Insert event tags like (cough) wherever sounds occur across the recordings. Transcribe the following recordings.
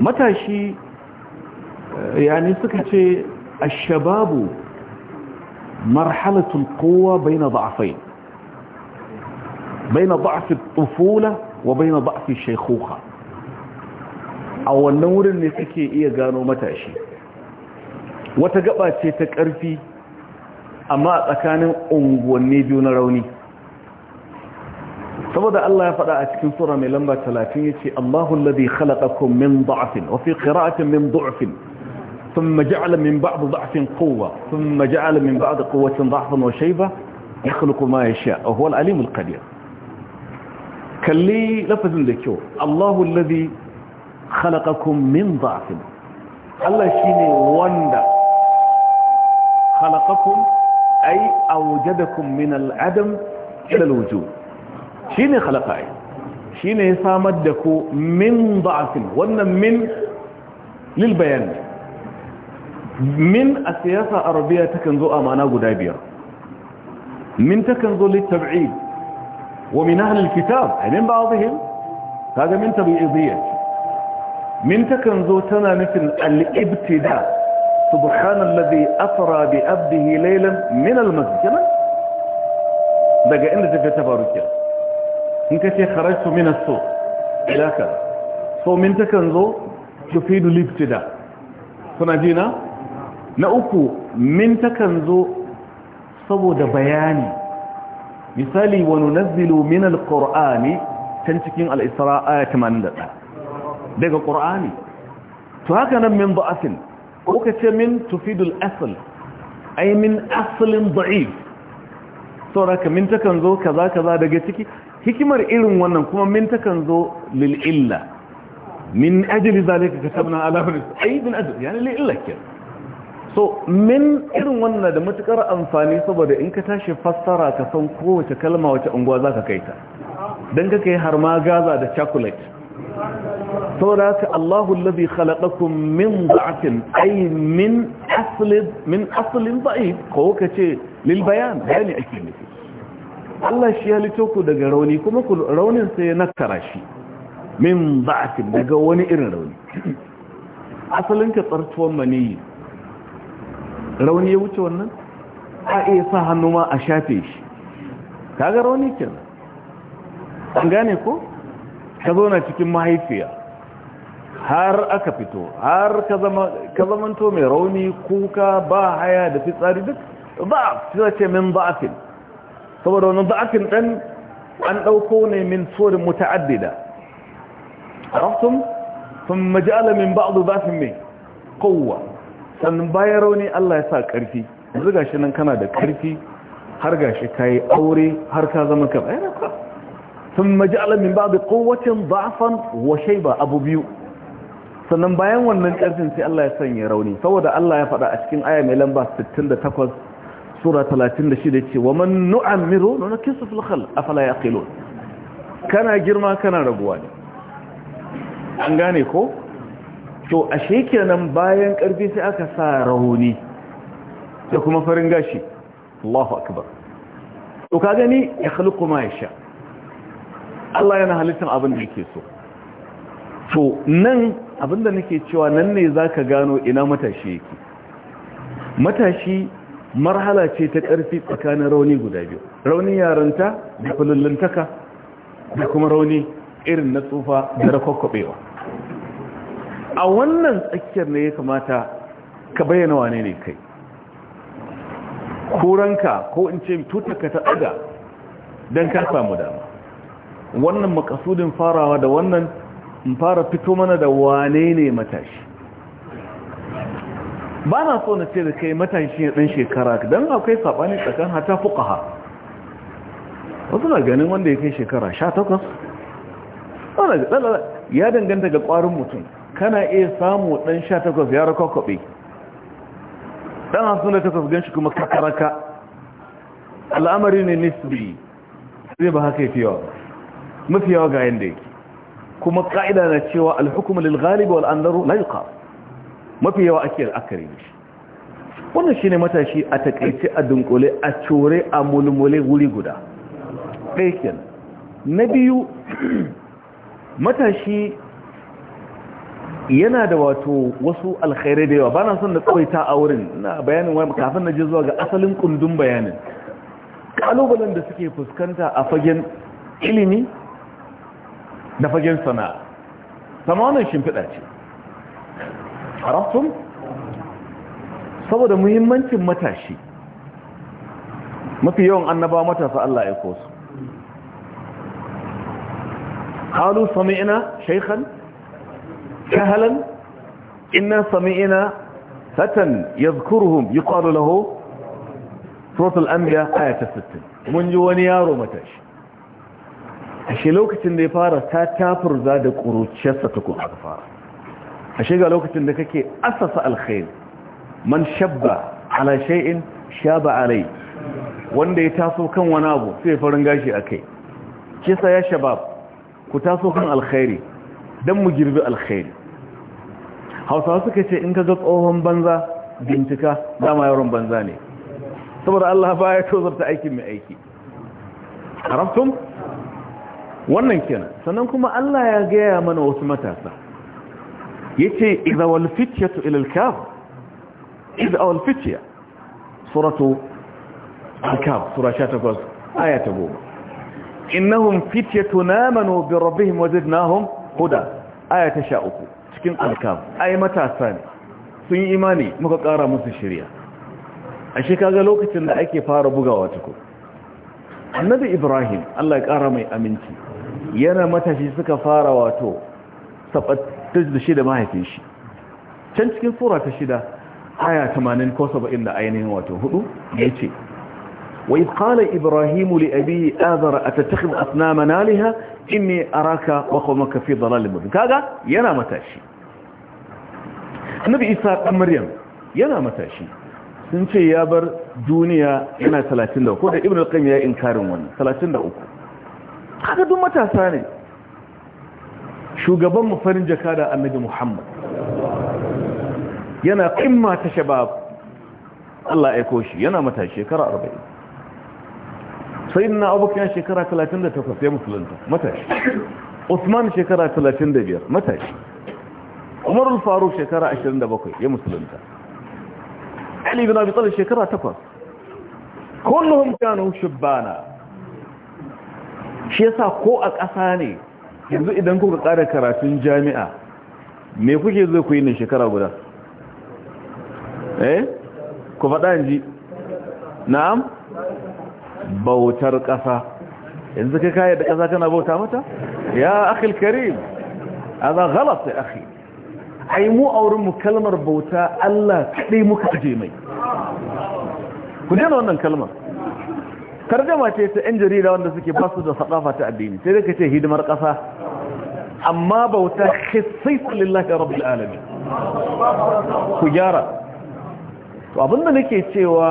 matashi eh, yani suka ce ashababu marhalatul kowa bai na ba'afai bai na ba'afin tufula wa bai na ba'afin shekuka a wannan wurin ne suke iya gano matashi wata gaba ce ta ƙarfi amma a tsakanin unguwanni biyu na rauni saboda Allah ya faɗa a cikin sura mai lamba 30 yace Allahu alladhi khalaqakum min da'fin wa fi qira'atin min du'fin thumma ja'ala min ba'd da'fin quwwa thumma ja'ala min ba'd quwwatin da'fan wa shayba yakhluqu ma yasha wa huwa al-alim al-qadir kalli lafazin da kyau Allahu alladhi khalaqakum min da'fin Allah shine wanda khalaqakum ay awjadakum min al-adam ila al-wujud shi ne halaka ai shi ne ya samar da ku min ba'afin wannan min lil bayan min a siyasa arabiya kan zo a mana guda biyar min ta kan zo littab'id wa min ahlil kitab ay min ba'dihim kaga min tabi'idiyya min ta kan zo tana nufin al-ibtida subhanallazi asra bi abdihi laylan min al-masjid daga inda tafi in ka ce kharajtu min as-su ila ka so min takan zo tufidu libtida kuna ji na uku min takan zo saboda bayani misali wa nunazzilu min al-qur'ani tan cikin al-isra aya 81 daga qur'ani to haka nan min da'afin ko ka ce min tufidu al-asl ay min aslin da'if saboda ka min takan zo kaza kaza daga ciki hikimar irin wannan kuma min takan zo lil illa min ajli zalika katabna ala bani ai min ajli yani lil illa ke so min irin wannan da matukar amfani saboda in ka tashi fassara ka san kowace kalma wace unguwa zaka kai ta dan ka kai har ma gaza da chocolate saboda haka Allahu allazi khalaqakum min da'atin ay min aslin min aslin da'if ko kace lil bayan bayani ake nufi Allah shi ya halitto ku daga rauni kuma ku raunin sai ya nakara shi min ba'atin daga wani irin rauni (clears throat) asalin ka tsartuwan maniyi rauni ya wuce wannan a iya sa hannu ma a shafe shi kaga rauni kenan an gane ko ka zauna cikin mahaifiya har aka fito har ka zamanto mai rauni kuka ba haya da fitsari duk ba a ce min ba'afin saboda wani ba'afin ɗan an ɗauko ne min tsorin A araftum sun maji alamin min ba'adu zafin mai kowa sannan bayan rauni Allah ya sa ƙarfi yanzu gashi nan kana da ƙarfi har gashi ka yi aure har ka zama ka bayan ka sun alamin min ba'adu kowacin zafan washe ba abu biyu sannan bayan wannan ƙarfin sai Allah ya sanya rauni saboda Allah ya faɗa a cikin aya mai lamba 68 sura 36 ce wa man nu'ammiru na kisu fil khalq afala yaqilun kana girma kana raguwa ne an gane ko to ashe kenan bayan karfi sai aka sa rauni da kuma farin gashi Allahu akbar to ka gani ya khaliqu ma yasha Allah yana halittar abin da yake so to nan abin da nake cewa nan ne zaka gano ina matashi yake matashi marhala ce ta ƙarfi tsakanin rauni guda biyu Rauni yaranta da fulullantaka da kuma rauni irin na tsufa da rakwakwabewa a wannan tsakiyar ne ya kamata ka bayyana wane ne kai kuranka ko in ce tutaka ta ɗaga don ka samu dama wannan makasudin farawa da wannan in fara fito mana da wane ne matashi ba na so na ce da kai matashi ɗan shekara don akwai saɓani tsakan hata ha. wasu na ganin wanda ya kai shekara sha takwas ya danganta ga ƙwarin mutum kana iya samu ɗan sha takwas ya raka kwaɓe ɗan hasu da takwas gan shi kuma kakaraka al'amari ne nisbi zai ba haka yafi yawa mafi yawa ga yadda yake kuma ƙa'ida na cewa alhukumar lil galibi wal'andaru la yi ƙafa mafi yawa ake al'akari. ne wannan shine matashi a takaice a dunkule a cure a mulmule wuri guda ɗaikin na biyu (clears throat) matashi yana da wato wasu alkhairai da yawa ba na son da tsawaita a wurin na bayanin wani kafin na je zuwa ga asalin kundin bayanin Ƙalubalen da suke fuskanta a fagen ilimi da fagen sana'a sama wannan shimfiɗa ce araftum saboda muhimmancin matashi mafi yawan annaba matasa Allah ya kosu قالوا سمعنا شيخا كهلا إنا سمعنا فتى يذكرهم يقال له سورة الأنبياء آية 60 من جوانيار متاش ashe lokacin da ya fara ta tafur za da ƙuruciyarsa ta kun aka fara ashe ga lokacin da kake asasa alkhair man shabba ala shay'in shaba alai wanda ya taso kan wani abu sai farin gashi akai kisa ya shabab ku taso kan alkhairi dan mu girbi alkhairi hausawa suka ce in kaga tsohon banza bincika dama yaron banza ne saboda Allah ba ya tozarta aikin mai aiki haramtum wannan kenan sannan kuma Allah ya gaya mana wasu matasa yace idza wal fityatu ila al-kaf idza wal fitya suratu al-kaf sura 18 aya ta 10 innahum fityatun amanu bi rabbihim wazidnahum huda aya ta 13 cikin al-kaf ai matasa ne sun yi imani muka kara musu shari'a ashe kaga lokacin da ake fara bugawa tukun annabi ibrahim Allah ya kara mai aminci yana matashi suka fara wato ta da da mahaifin shi can cikin sura ta shida aya 80 ko 70 da ainihin wato hudu yace wa idh qala ibrahimu li abihi azara atattakhidhu asnamana alaha inni araka wa qawmaka fi dhalalin mubin kaga yana matashi annabi isa dan maryam yana matashi sun ce ya bar duniya yana 33 ko da ibnu qayyim ya inkarin wannan 33 kaga duk matasa ne shugaban mafarin jakada jaka da annabi muhammad yana kimma ta shabab Allah ya koshi yana mata shekara 40 sai na abokan shekara 38 ya musulunta matashi Usman shekara 35 matashi Umar al-Faruq shekara 27 ya musulunta Ali ibn Abi Talib shekara 8 kulluhum kanu shubbana shi yasa ko a ƙasa ne yanzu idan kuka ƙara karatun jami'a me kuke zai ku yi ne shekara guda eh ku faɗa ji na'am bautar ƙasa yanzu ka kayar da ƙasa kana bauta mata ya akil karim aza ghalat ya akhi ai mu wurin mu kalmar bauta Allah kaɗai muka aje mai ku dena wannan kalmar tarjama ce ta yan jarida wanda suke basu da sadafa ta addini sai dai kace hidimar kasa amma bauta khissis lillahi rabbil alamin ku gyara to abinda nake cewa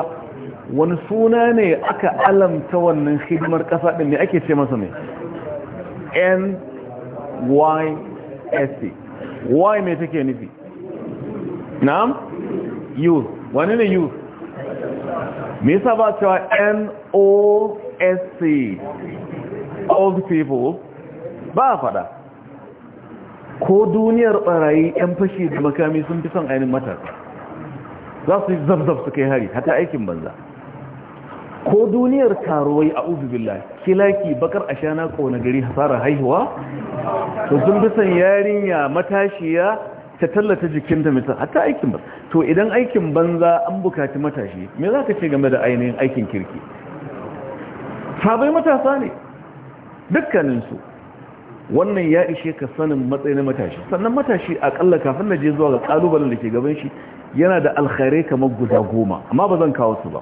wani suna ne aka alamta wannan hidimar kasa din ne ake ce masa ne N, Y S, Y me take nufi na'am youth wani ne youth me yasa ba cewa n o s old people ba fada ko duniyar barayi yan fashi da makami sun fi son ainihin matasa za su yi zafzaf su kai hari hata aikin banza ko duniyar karuwai a uzubillah kilaki bakar ashana ko gari hasara haihuwa to sun fi son yarinya matashiya ta tallata jikinta mai hatta aikin ba. to idan aikin banza an bukaci matashi me za ka ce game da ainihin aikin kirki sabai matasa ne dukkaninsu wannan ya ishe ka sanin matsayin matashi sannan matashi akalla kafin na je zuwa ga kalubalen da ke gaban shi yana da alkhairai kamar guda goma amma ba zan kawo su ba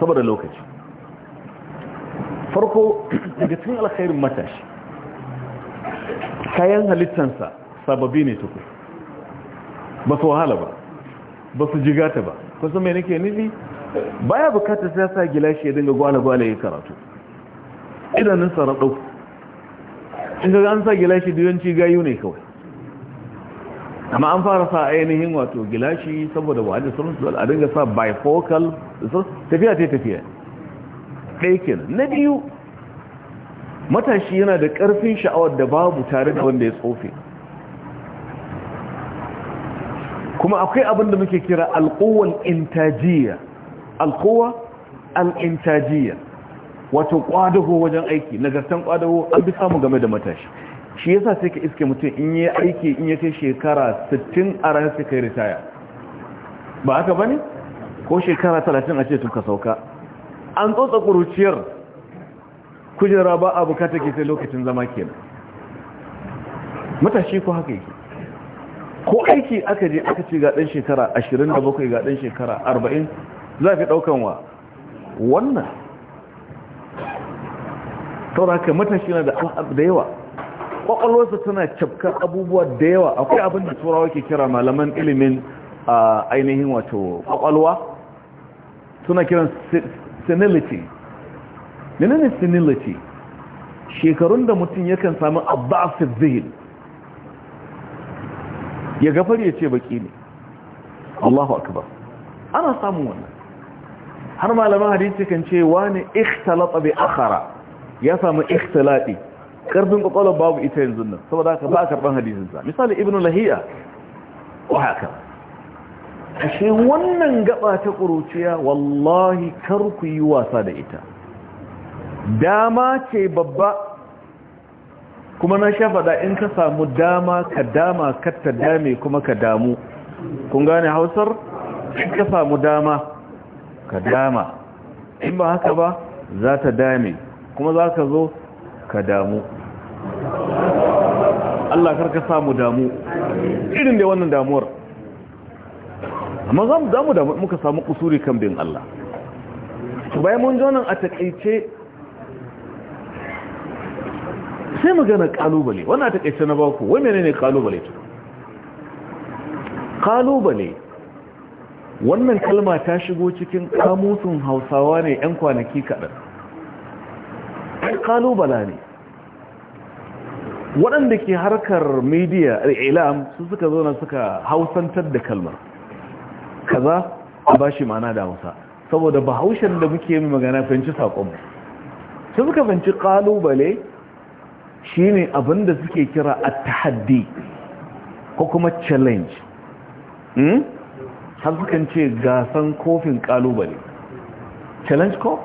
saboda lokaci farko daga cikin alkhairin matashi kayan halittansa sababi ne tukur ba su wahala ba ba su jigata ba kusan mai nake nufi baya bukatar sai sa gilashi ya dinga gwale-gwale ya karatu idanun saraɗau in ga an sa gilashi duyanci gayu ne kawai amma an fara sa ainihin wato gilashi saboda ba da sun su a dinga sa bifocal tafiya ta tafiya ɗaya kenan na biyu matashi yana da ƙarfin sha'awar da babu tare da wanda ya tsofe kuma akwai abin da muke kira alkowar intajiya al'intajiya wato kwadago wajen aiki nagartan kwadago an bi samu game da matashi shi yasa sai ka iske mutum in yi aiki in ya kai shekara 60 a ranar sai kai ritaya ba haka ba ne ko shekara 30 a ce tun ka sauka an tsotsa kuruciyar kujera ba a bukata ke sai lokacin zama kenan matashi ko haka yake ko aiki aka je aka ce ga ɗan shekara 27 ga ɗan shekara 40 za fi ɗaukan wa wannan ka matashi na da da yawa ƙwaƙwalwarsa tana cafkar abubuwa da yawa akwai abin da turawa ke kira malaman ilimin ainihin wato ƙwaƙwalwa suna kiran senility menene senility shekarun da mutum yakan samu abbasid zihil ya gafar ya ce baki ne Allahu akbar ana samun wannan har malaman hadisi kan ce wani ikhtalata bi akhara ya samu ikhtilati karfin kwakwalwar babu ita yanzu nan saboda haka ba a karban hadisinsa misali ibn lahiya wa haka ashe wannan gaba ta ƙuruciya wallahi kar ku yi wasa da ita dama ce babba kuma na sha faɗa in ka samu dama ka dama ka ta dame kuma ka damu kun gane hausar in ka samu dama ka dama in ba haka ba za ta dame kuma za ka zo ka damu Allah karka samu damu irin da wannan damuwar amma za mu damu da muka samu kusuri kan bin Allah bayan mun ji a takaice sai magana kalubale wannan ta kaice na baku wai menene kalubale to kalubale wannan kalma ta shigo cikin kamusun Hausawa ne yan kwanaki kadan kalubala ne waɗanda ke harkar media al'ilam eh, su suka zo na suka hausantar da kalmar kaza a bashi ma'ana da Hausa saboda bahaushen da muke yi magana fahimci saƙon su suka fahimci ƙalubale? shine abin da suke kira a tahaddi ko kuma challenge hmm? har sukan ce gasan kofin kalubale challenge ko?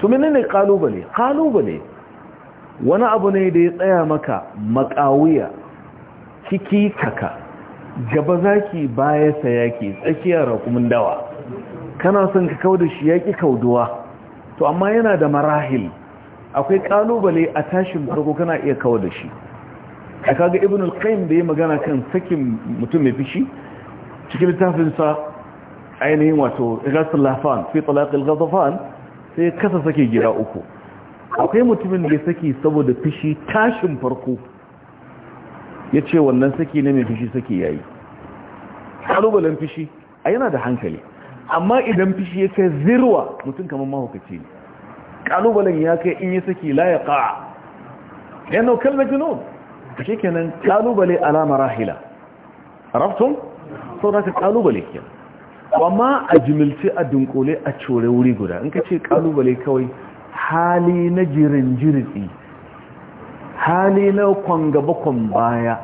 to ne kalubale kalubale wani abu ne da ya tsaya maka makawuya. ciki kaka gaba zaki baya sayaki tsakiyar rakumin dawa kana son ka da shi yaki kauduwa to amma yana da marahil akwai kalubale a tashin farko kana iya kawo da shi a kaga ibn al-qayyim da ya magana kan sakin mutum mai fishi cikin littafin sa ainihin wato ghasl lafan fi talaq al-ghadafan sai kasa sake gida uku akwai mutumin da ya saki saboda fishi tashin farko yace wannan saki ne mai fishi saki yayi kalubalen fishi a yana da hankali amma idan fishi ya kai zirwa mutum kamar mahaukaci ne kalubalen ya kai in yi saki la ya ƙa'a na kalmar a shi kenan kalubale alama rahila raftun sau da ka kalubale ke amma a jimilce a dunkule a cire wuri guda in ka ce kalubale kawai hali na jirin jirgi hali na kwangabakon baya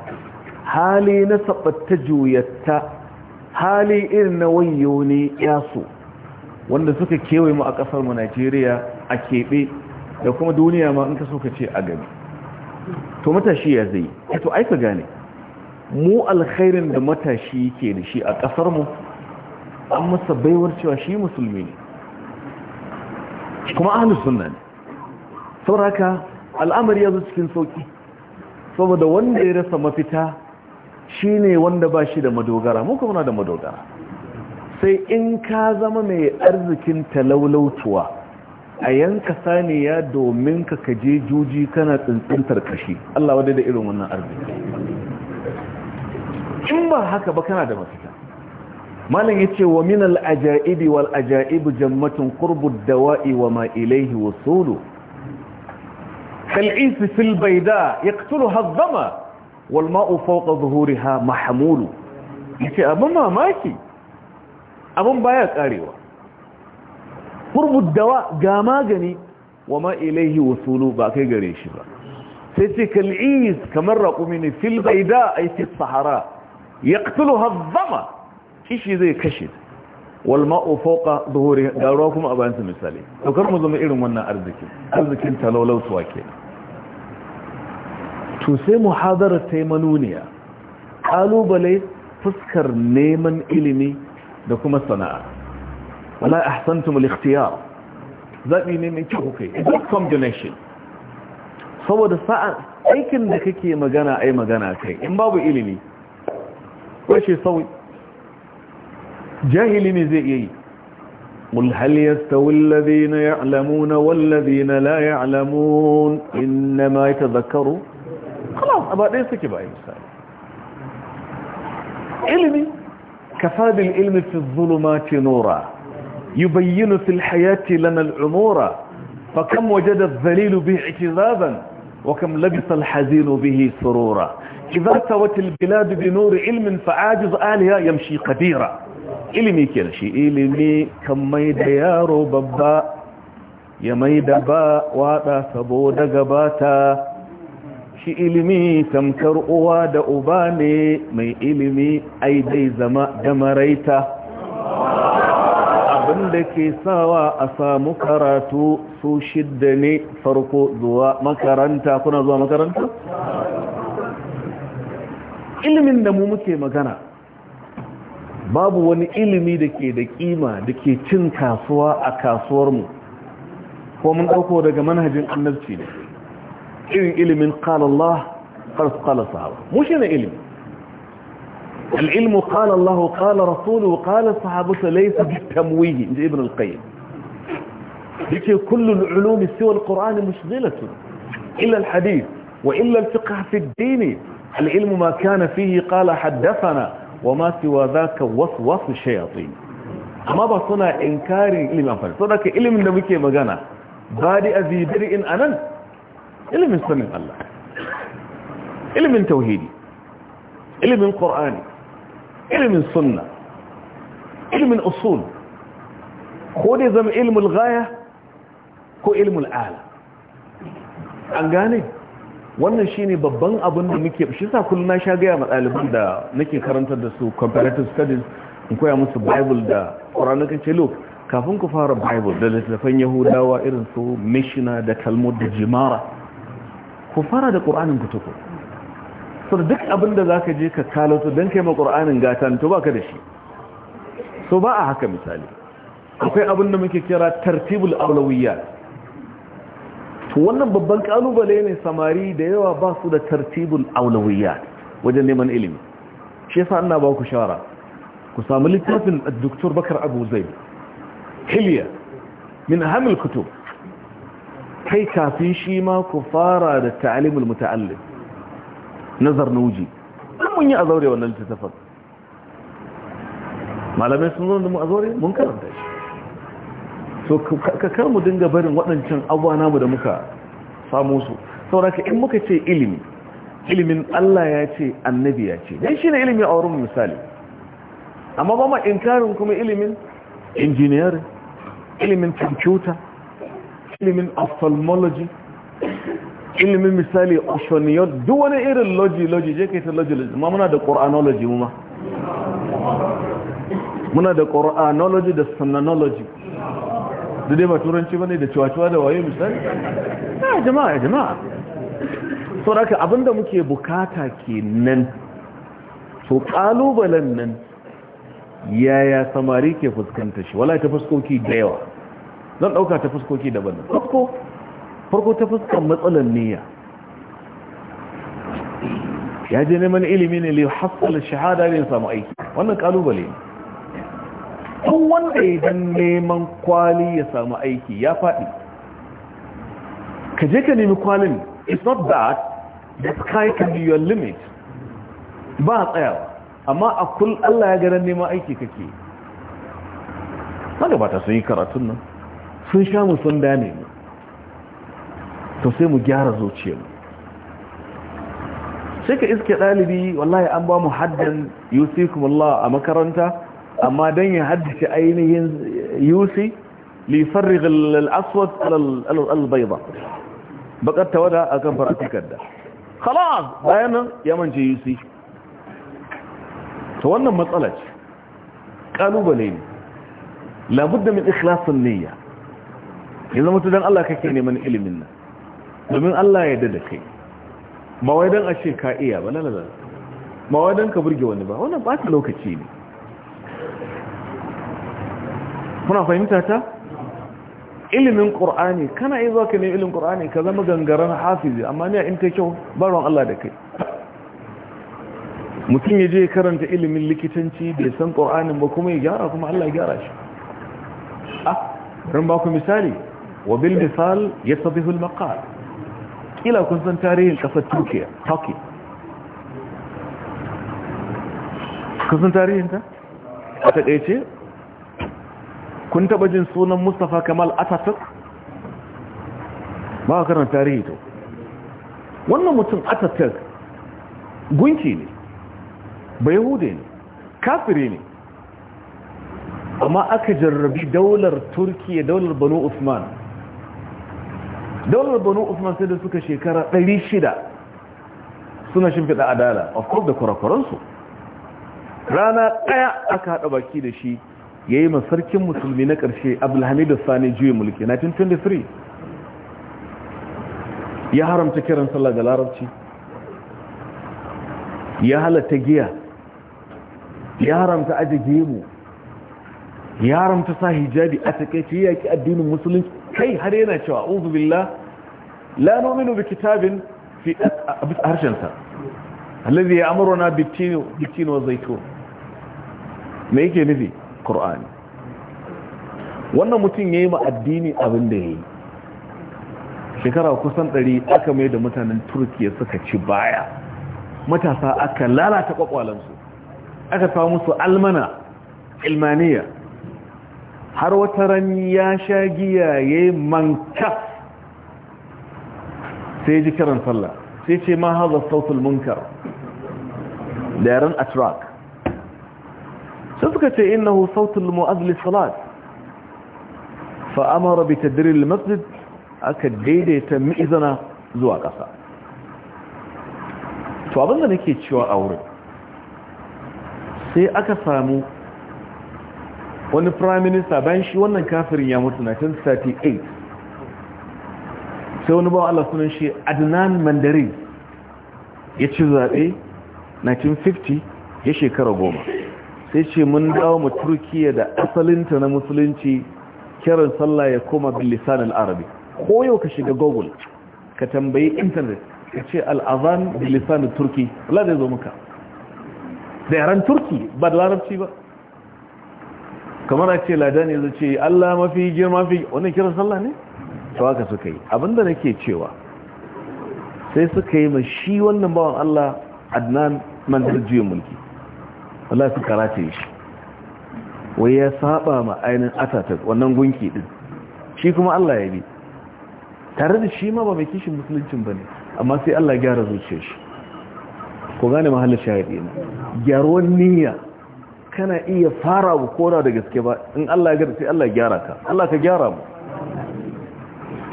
hali na sabatta juyatta hali irin na wayo ne yaso wanda suka kewaye mu a kasar mu Najeriya a keɓe da kuma duniya ma in ka so ce a gani to matashi ya zai eh, to aika gane mu alkhairin da matashi ke da shi a ƙasar mu an masa baiwar cewa shi musulmi ne kuma ahlus sunna ne sauraka al'amari ya zo cikin sauki saboda wanda ya rasa mafita shine wanda ba shi da madogara mu kuma na da madogara sai in ka zama mai arzikin talaulautuwa a yanka saniya domin ka kaje juji kana tsintsintar kashi Allah wadda da irin wannan arziki in ba haka ba kana da mafita malam yace wa min al ajaibi wal ajaibu jammatun qurbu dawa'i wa ma ilayhi wusulu kal is fil bayda yaqtuluha adh-dhama wal ma'u fawqa dhuhuriha mahmulu yace abun mamaki abun baya karewa shurbud dawa ga magani wa ma ilaihi wasulu ba kai gare shi ba sai ce kal'is kamar raƙumi ne fil bai ay fi sahara yaqtuluha adh-dhama kishi zai kashe wal ma'u fawqa dhuhuri ga ruwa kuma a bayan su misali to mu zama irin wannan arzikin. arzikin talaulau suwa ke to sai muhadara ta manuniya kalubale fuskar neman ilimi da kuma sana'a wala ahsantum al-ikhtiyar zabi mai kyau good combination saboda sa'a aikin da kake magana ai magana kai in babu ilimi shi sauyi jahili ne zai yi قل هل يستوي الذين يعلمون والذين لا يعلمون إنما يتذكروا خلاص أبا ليس كبا أي مسائل علمي كفى بالعلم في الظلمات نورا يبين في الحياة لنا العمور فكم وجد الذليل به اعتذابا وكم لبث الحزين به سرورا إذا ارتوت البلاد بنور علم فعاجز آلها يمشي قديرا إلمي كنشي إلمي كم ميد يا رببا يميد با وادا ثبود قباتا شي إلمي كم كرؤواد أباني مي إلمي أيدي زماء دمريته abin ke sawa a samu karatu su shidda ne farko zuwa makaranta kuna zuwa makaranta? ilimin da mu muke magana babu wani ilimi da ke da kima da ke cin kasuwa a kasuwar mu ko mun ɗauko daga manhajin annabci ne irin ilimin kalallah karsu kalasa mu shi ne ilimi العلم قال الله قال رسوله قال الصحابة ليس بالتمويه عند ابن القيم يكي كل العلوم سوى القرآن مشغلة إلا الحديث وإلا الفقه في الدين العلم ما كان فيه قال حدثنا وما سوى ذاك وصوص الشياطين أما بصنا إنكار إلم أنفل صدق إلم نبكي مغانا بادئ ذي برئ أنا إلم سنة الله إلم توهيدي من قرآني ilimin sunna ilimin usul ko dai zama ilimin gaya ko ilimin ala an gane wannan shine babban abin da muke shi sa kullum na sha gaya matsalibin da nake karantar da su comparative studies in koya musu bible da ƙoranukan ce look kafin ku fara bible da littattafan yahudawa irin su mishina da talmud da jimara ku fara da ƙoranin ku so duk abin da ka je ka kalato dan kai ma qur'anin gatan to baka da shi so ba a haka misali akwai abin da muke kira tartibul aulawiyya to wannan babban kalubale ne samari da yawa ba su da tartibul aulawiyya wajen neman ilimi shi yasa ina ba ku shara, ku samu littafin Dr. Bakar Abu Zaid Hilya min hamil kutub kai kafin shi ma ku fara da ta'alimul muta'allim na wuji don mun yi a zaure wannan littattafan malamai sun zo da mu a zaure mun karanta shi so kakar mu dinga barin waɗancan abuwa namu da muka samu su sauraka in muka ce ilimi ilimin Allah ya ce annabi ya ce dai shi ne ilimi a wurin misali amma ba ma inkarin kuma ilimin engineering ilimin computer ilimin ophthalmology ilimin misali oceaniyot duk wani irin loji-loji je kai ta loji-loji ma muna da ƙor'anologi mu ma muna da ƙor'anologi da sananologi da dai ba turanci ba ne da cewa-cewa da waye misali ya jama'a ya jama'a so da abinda muke bukata ke nan so ƙalubalen nan yaya samari ke fuskanta shi wala ta fuskoki da yawa zan ɗauka ta fuskoki daban-daban farko ta fuskar matsalar niyya ya je neman ilimi ne le haskala shahada ne samu aiki wannan kalubale kun wanda idan neman kwali ya samu aiki ya faɗi ka je ka nemi kwalin it's not that the sky can be your limit ba a tsaya. amma a kul Allah ya garan neman aiki kake magabata sun yi karatun nan sun sha musun dane ne to sai mu gyara zuciyarmu sai ka iske dalibi wallahi an ba mu haddan yusikum Allah a makaranta amma dan ya haddace ainihin yusi li farigh al-aswad ala al-bayda bakar tawada a kan faratikar da khalas bayan nan ya manje yusi to wannan matsala ce ƙalubale ne labudda min ikhlasin niyya ya mutum dan Allah kake neman ilimin nan domin Allah ya yarda da kai ba wai dan a ce ka iya ba lalala ba wai dan ka burge wani ba wannan ba ta lokaci ne kuna fahimta ta ilimin qur'ani kana yi zuwa ka ne ilimin qur'ani ka zama gangaren hafizi amma ni a in ta kyau baron Allah da kai mutum ya je karanta ilimin likitanci bai san ƙor'anin ba kuma ya gyara kuma Allah ya gyara shi ah ran ba ku misali wa bil misal yasbihu al maqal kila kun san tarihin kasar turkiya turkey kun san tarihinta a taƙaice kun taɓa jin sunan mustapha kamal Atatürk, ba a karanta tarihi to wannan mutum Atatürk gunki ne bayahude ne kafiri ne amma aka jarrabi daular turkiya daular banu usman daular banu usman sai da suka shekara 600 suna shimfiɗa adala of course da kurakuransu rana ɗaya aka haɗa baki da shi ya yi masarkin musulmi na ƙarshe abdulhamidu sani juyin mulki 1923 ya haramta kiran sallah da larabci ya halatta giya ya haramta aji gemu ya haramta sa hijabi a takaici ya addinin musulunci kai har yana cewa uzu la nu'minu bi kitabin fi harshen sa alladhi ya'muruna bi tin bi tin wa zaitun me yake nufi qur'ani wannan mutum yayi ma addini abin da yayi shekara kusan 100 aka mai da mutanen turkiya suka ci baya matasa aka lalata kwakwalansu aka kawo musu almana ilmaniya har wata ran ya sha giyaye manka sai ji kiran sallah sai ce ma haza sautul munkar da yaren atrak sai suka ce innahu sautul mu'azli salat fa amara bi tadril masjid aka daidaita mizana zuwa kasa to abinda nake cewa a wurin sai aka samu wani prime minister bayan shi wannan kafirin ya mutu 1938 sai wani bawa Allah sunan shi Adnan Mandarin ya ci zaɓe 1950 ya shekara goma sai ce mun dawo mu turkiya da asalinta na musulunci kiran sallah ya koma bilisan lisan ko yau ka shiga google ka tambayi intanet ka ce al'azan bilisan turki Allah zai zo muka da yaran turki ba da larabci ba kamar a ce ladani zai ce Allah mafi girma fi wannan kiran sallah ne Tawaka suka yi abinda nake cewa sai suka yi ma shi wannan bawan Allah Adnan man tarjiya mulki Allah karata race shi wai ya saba ma ainihin atatak wannan gunki din shi kuma Allah ya bi tare da shi ma ba mai kishin musuluncin ba ne, amma sai Allah ya gyara zuciyar shi ko gane mahallin shahidi ne gyaruwar niyya kana iya fara bukora da gaske ba in Allah ya gada sai Allah gyara ka Allah ka gyara mu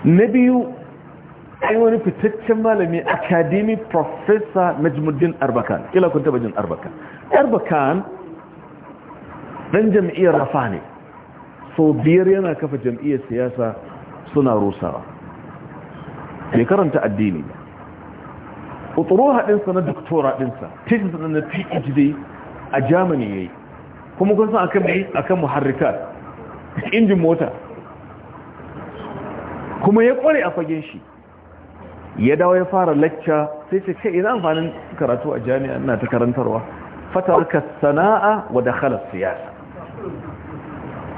na biyu ai wani fitaccen malami academy professor majmuddin arbakan kila kun taba jin arbakan arbakan dan jam'iyyar rafa ne so biyar yana kafa jam'iyyar siyasa suna rusawa Mai karanta addini ba uturo haɗinsa na doktora ɗinsa tesis na phd a germany ya yi kuma kun san akan muharrika injin mota kuma ya kware a fagen shi ya dawo ya fara lacca sai ce ce ina amfanin karatu a jami'a ina ta karantarwa fatarka sana'a wa dakhala siyasa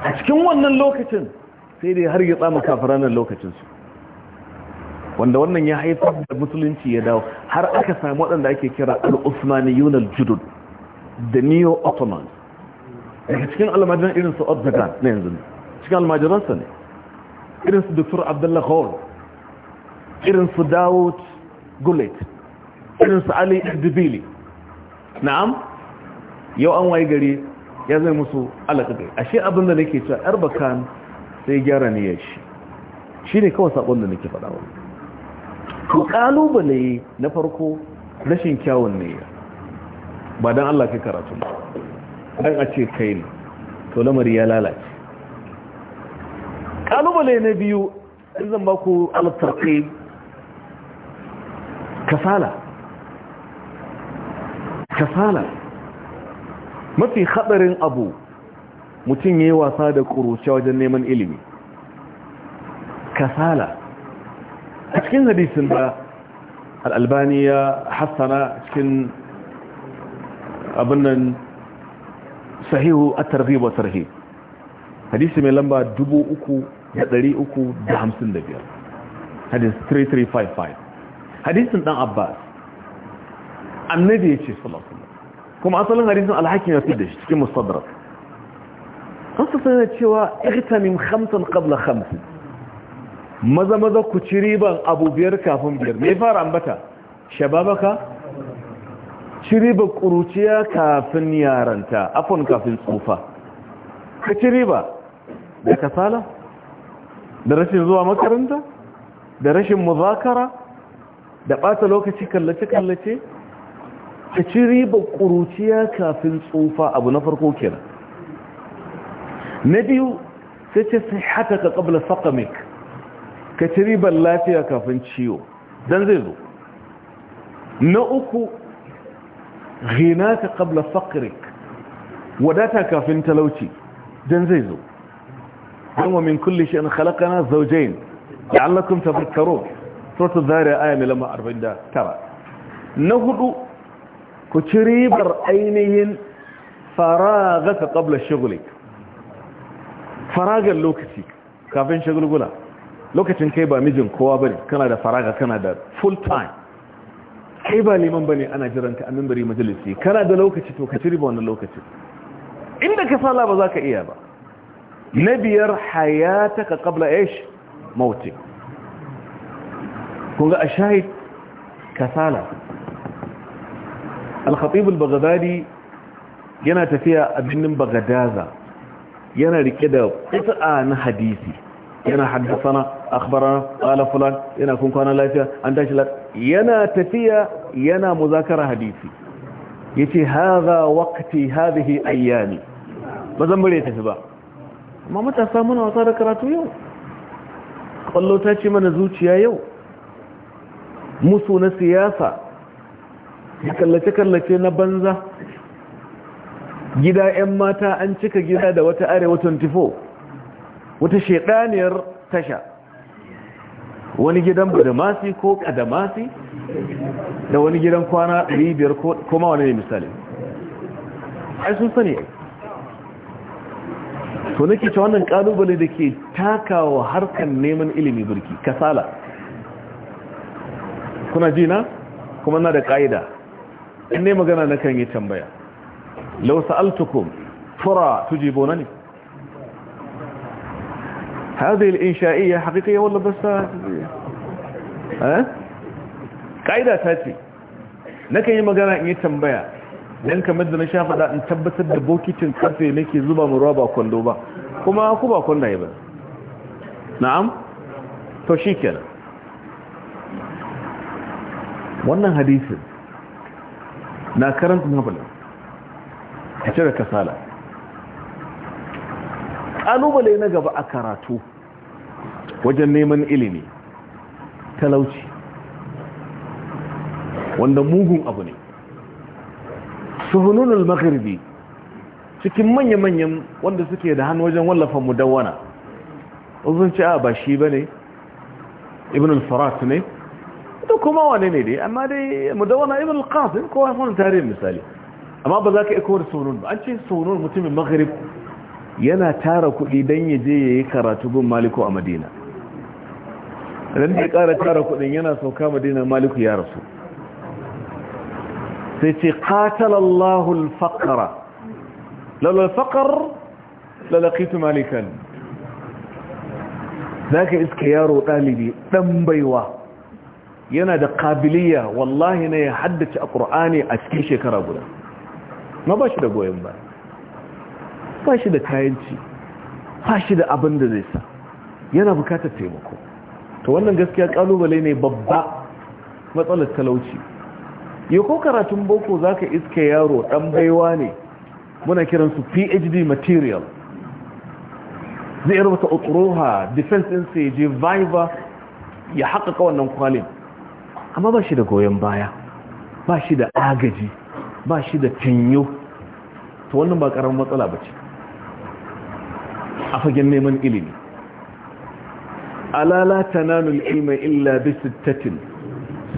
a cikin wannan lokacin sai dai har ya tsama kafiranan lokacin wanda wannan ya haifar da musulunci ya dawo har aka samu waɗanda ake kira al-usmaniyun al-judud da neo ottoman daga cikin almajiran irin su na yanzu cikin almajiransa ne irin su dr Abdullahi hall irin su dawud gullet irin ali dubili na'am yau an waye gari ya zai musu a ashe abinda da ke cewa yar bakan sai gyara ne ya shi shi ne kawai saƙon da nake ke faɗawa. ko ƙalubale na farko rashin kyawun ne ba don allah karatu ba a ce kai ne to lamari ya lalace kalubale na biyu zan ba ku kasala kasala mafi haɗarin abu mutum ya yi wasa da ƙuruciya wajen neman ilimi kasala a cikin hadisun ba al'albani ya hassana cikin abinnan sahihu a tarbi ba sarhi hadisi mai lamba dubu uku da 355 hadis 3355 hadisun dan abbas annabi ya ce sallallahu kuma asalin hadisin alhakin ya fi da shi cikin mustadrak kansa sai cewa ihtamim khamsan qabla khamsin maza maza ku ci riban abu biyar kafin biyar me fara ambata shababaka ci riba kuruciya kafin yaranta afon kafin tsufa ka ci riba da kasala da rashin zuwa makaranta da rashin muzakara da ɓata lokaci kallace-kallace ka ci riba ƙuruciya kafin tsufa abu na farko kenan na biyu sai ce sai hata ka ƙabla sakamik ka ci ribar lafiya kafin ciwo don zai zo na uku rina ka ƙabla sakarik wadata kafin talauci don zai zo don wa min kulli shi'in khalaqana zawjayn la'allakum tadhakkarun suratul zariya aya mai lamba 49 na hudu ku ci ribar ainihin faragaka qabla shughlik faragar lokaci kafin shagulgula lokacin kai ba mijin kowa bane kana da faraga kana da full time kai ba liman bane ana jiranta ka a mimbari majalisi kana da lokaci to ka ci riba wannan lokacin inda ka ba za ka iya ba نبير حياتك قبل ايش موتك كنت اشاهد كثالة الخطيب البغدادي ينا تفيا ابن بغدادا ينا ركدا قطعان حديثي ينا حدثنا اخبرنا قال فلان ينا كون كان لا ينا تفيا ينا مذاكرة حديثي يتي هذا وقتي هذه ايامي ما زنبلي تفبا amma matasa muna wasa da karatu yau kwallo ta ce mana zuciya yau musu na siyasa ya kallace-kallace na banza gida 'yan mata an cika gida da wata arewa 24 wata shaidaniyar tasha wani gidan budamasi ko kadamasi da wani gidan kwana 500 ko ma wani ne misali ai sun sani to nake ta wannan kalubale da ke takawa harkan neman ilimi burki kasala kuna ji na kuma na da ƙa'ida in ne magana na kan yi tambaya lausa altukum fura bona ne هذه الإنشائية حقيقية labarsa ƙa'ida ta ce na kan yi magana in yi tambaya don kamar da na sha faɗa in tabbatar da bokitin ƙarfe nake zuba mu ruwa ba kwando ba kuma ku ba ya ba na'am to shi kenan wannan hadisin na karanta mabala a cire kasala ƙalubale na gaba a karatu wajen neman ilimi talauci wanda mugun abu ne suhununul maghribi cikin manya-manyan wanda suke da hannu wajen wallafa mudawana uzun ci a ba shi bane ibn al-farat ne to kuma wane ne dai amma dai mudawana ibn al-qasim ko wani tarihin misali amma ba za ka iko da ba an ce suhunun mutumin maghrib yana tara kuɗi don ya je ya yi karatu gun maliku a madina idan ya ƙara tara kuɗin yana sauka madina maliku ya rasu sai ce qatalallahu al-faqra laula al-faqr la laqitu iska yaro ɗalibi dan baiwa yana da kabiliya wallahi na ya haddace alqur'ani a cikin shekara guda ma ba shi da goyen ba ba shi da kayanci ba shi da abin da zai sa yana bukatar taimako to wannan gaskiya ƙalubale ne babba matsalar talauci ya ko karatun boko za ka iska yaro ɗan baiwa ne muna kiransu phd material zai rubuta ukuruha defense insage ya je viva ya haƙaƙa wannan kwalin amma ba shi da goyon baya ba shi da agaji ba shi da tanyo Ta wannan ba ƙaramin matsala ba ce a fagen neman ilimi alalata nanul ilimin illa bisittatin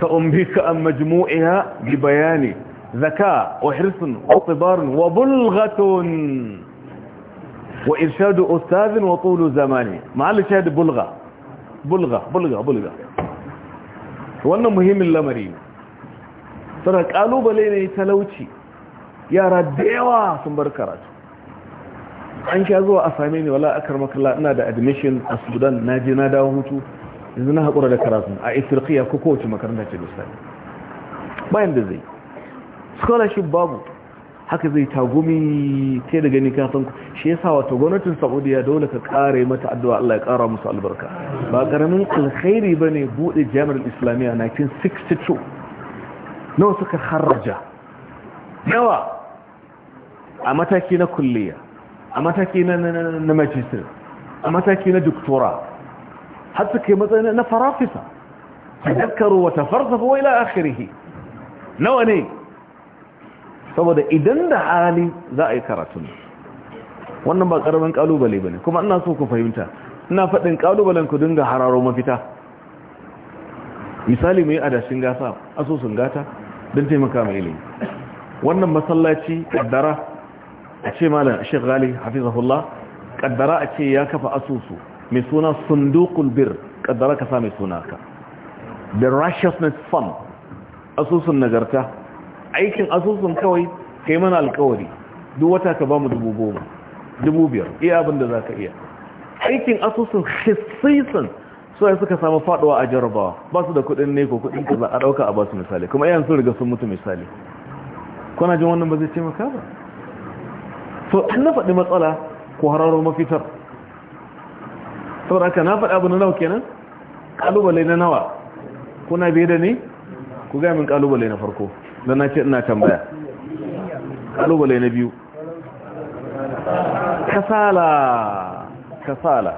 سأنبيك عن مجموعها ببيان ذكاء وحرص وطبار وبلغة وإرشاد أستاذ وطول زماني معالي شهد بلغة بلغة بلغة بلغة وأنا مهم اللامرين فرق قالوا بلين يتلوشي يا رديوة سنبر كراج عنك أزوى أفهميني ولا أكرمك الله نادى أدميشن أسودان ناجي نادى وموتو yanzu na haƙura da karatu a ifirkiya ko kowace makaranta ce misali bayan da zai scholarship babu haka zai tagumi ke da gani kafin shi ya sa wato gwamnatin saudiya dole ka kare mata addu'a Allah ya kara musu albarka ba karamin alkhairi ba ne buɗe jami'ar islamiyya 1962 nawa suka haraja yawa a mataki na kulliya a mataki na majisir a mataki na doktora har suka yi matsayin na farafisa tadakkaru wa wai wa ila nawa ne saboda idan da hali za a yi karatun wannan ba karamin kalubale ne, kuma ina so ku fahimta ina faɗin kalubalen ku dinga hararo mafita misali mai adashin gasa asusun gata don taimaka mai ilimi wannan masallaci kaddara a ce malam shek hafizahullah kaddara a ce ya kafa asusu mai suna sundukul bir kaddara ka sa mai suna ka the righteousness fund asusun nagarta aikin asusun kawai kai mana alkawari duk wata ka bamu dubu goma dubu biyar iya abin da za ka iya aikin asusun hissisin su ya suka samu faduwa a jarabawa ba su da kudin ne ko kudin za a dauka a basu misali kuma iya sun riga sun mutu misali kuna jin wannan ba zai ce maka ba so in na faɗi matsala ko hararo mafitar sauraka na faɗa abu nawa kenan kalubale na nawa kuna biye da ni ku ga min kalubale na farko don na ce ina tambaya kalubale na biyu kasala kasala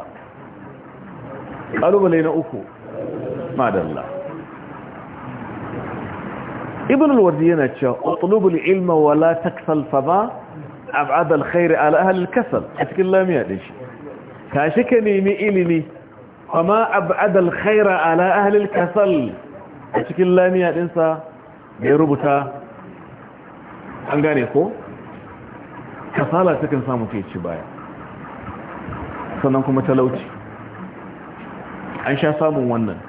kalubale na uku madalla ibn al-wardi yana cewa utlub al-ilma wa la taksal fa ba ab'ad al-khair ala ahli al-kasal a cikin lamiya din shi tashi ka nemi ilimi amma abadal khaira ala ahlil kasal a cikin lamiya dinsa ya rubuta an gane ko kasala cikin samu ke baya sannan kuma talauci an sha samun wannan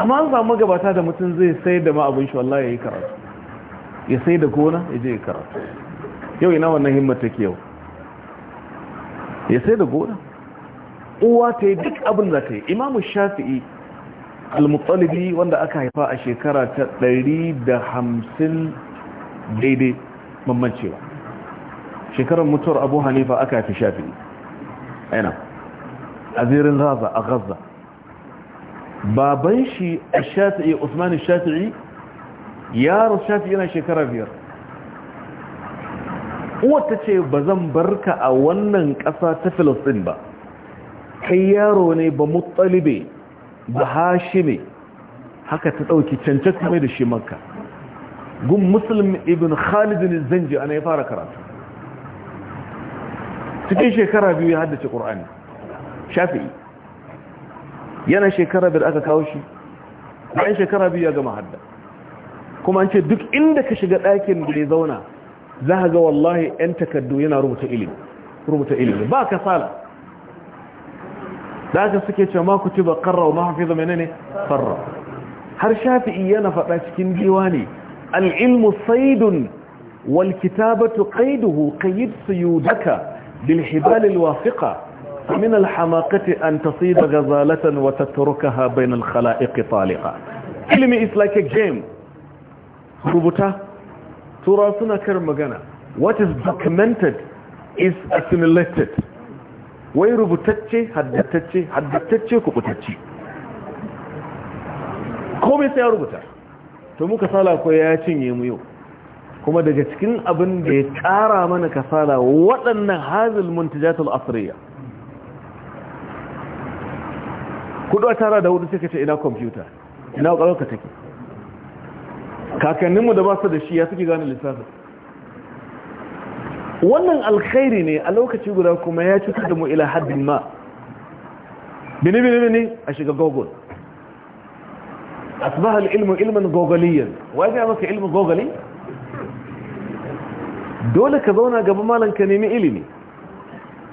amma an samu gabata da mutum zai sai da ma'abin shi wallah ya yi karatu ya sai da gona ya je ya karatu yau ina wannan himmata ke yau ya sai da gona uwa ta yi duk abin da ta yi imamu shafi'i al-muttalibi wanda aka haifa a shekara ta 150 daidai mamancewa shekarar mutuwar abu hanifa aka haifi shafi'i aina a zirin raza a gaza baban shi a shafi'i usmanin shafi'i yaro shafi'i yana shekara biyar uwa ta ce ba zan barka a wannan ƙasa ta filistin ba kai yaro ne ba mutsalibe ba Hashi ne. haka ta ɗauki cancan mai da shi makka gun muslim ibn khalid zanji ana ya fara karatu cikin shekara biyu ya haddace ƙur'ani shafi'i yana shekara da aka kawo shi bayan shekara biyu ya gama hadda kuma an ce duk inda ka shiga ɗakin da ya zauna za ga wallahi 'yan takardu yana rubuta ilimi ba kasala da aka suke cewa ma kutiba qarra wa ma hafiza menene farra har shafi'i yana faɗa cikin diwani al-ilmu saydun wal kitabatu qayduhu qayd suyudaka bil hibal al wafiqa min al hamaqati an tasiba ghazalatan wa tatrukaha bain al khala'iq taliqa ilmi is like a game rubuta tura suna kar magana what is documented is assimilated wai rubutacce haddatacce haddatacce kutacce komai sai ya rubuta to mu kasala ko ya cinye mu yau kuma daga cikin abin da ya ƙara mana kasala waɗannan hazil muntajatul asriya kudu tara da hudu suka ce ina kwamfuta ina ka take kakanninmu da ba su da shi ya suke gane lissafin wannan alkhairi ne a lokaci guda kuma ya cutar da mu ila haddin ma bini bini ne a shiga google asbaha ilmu ilman gogaliyan wa ya maka ilmin gogali dole ka zauna gaba malam ka nemi ilimi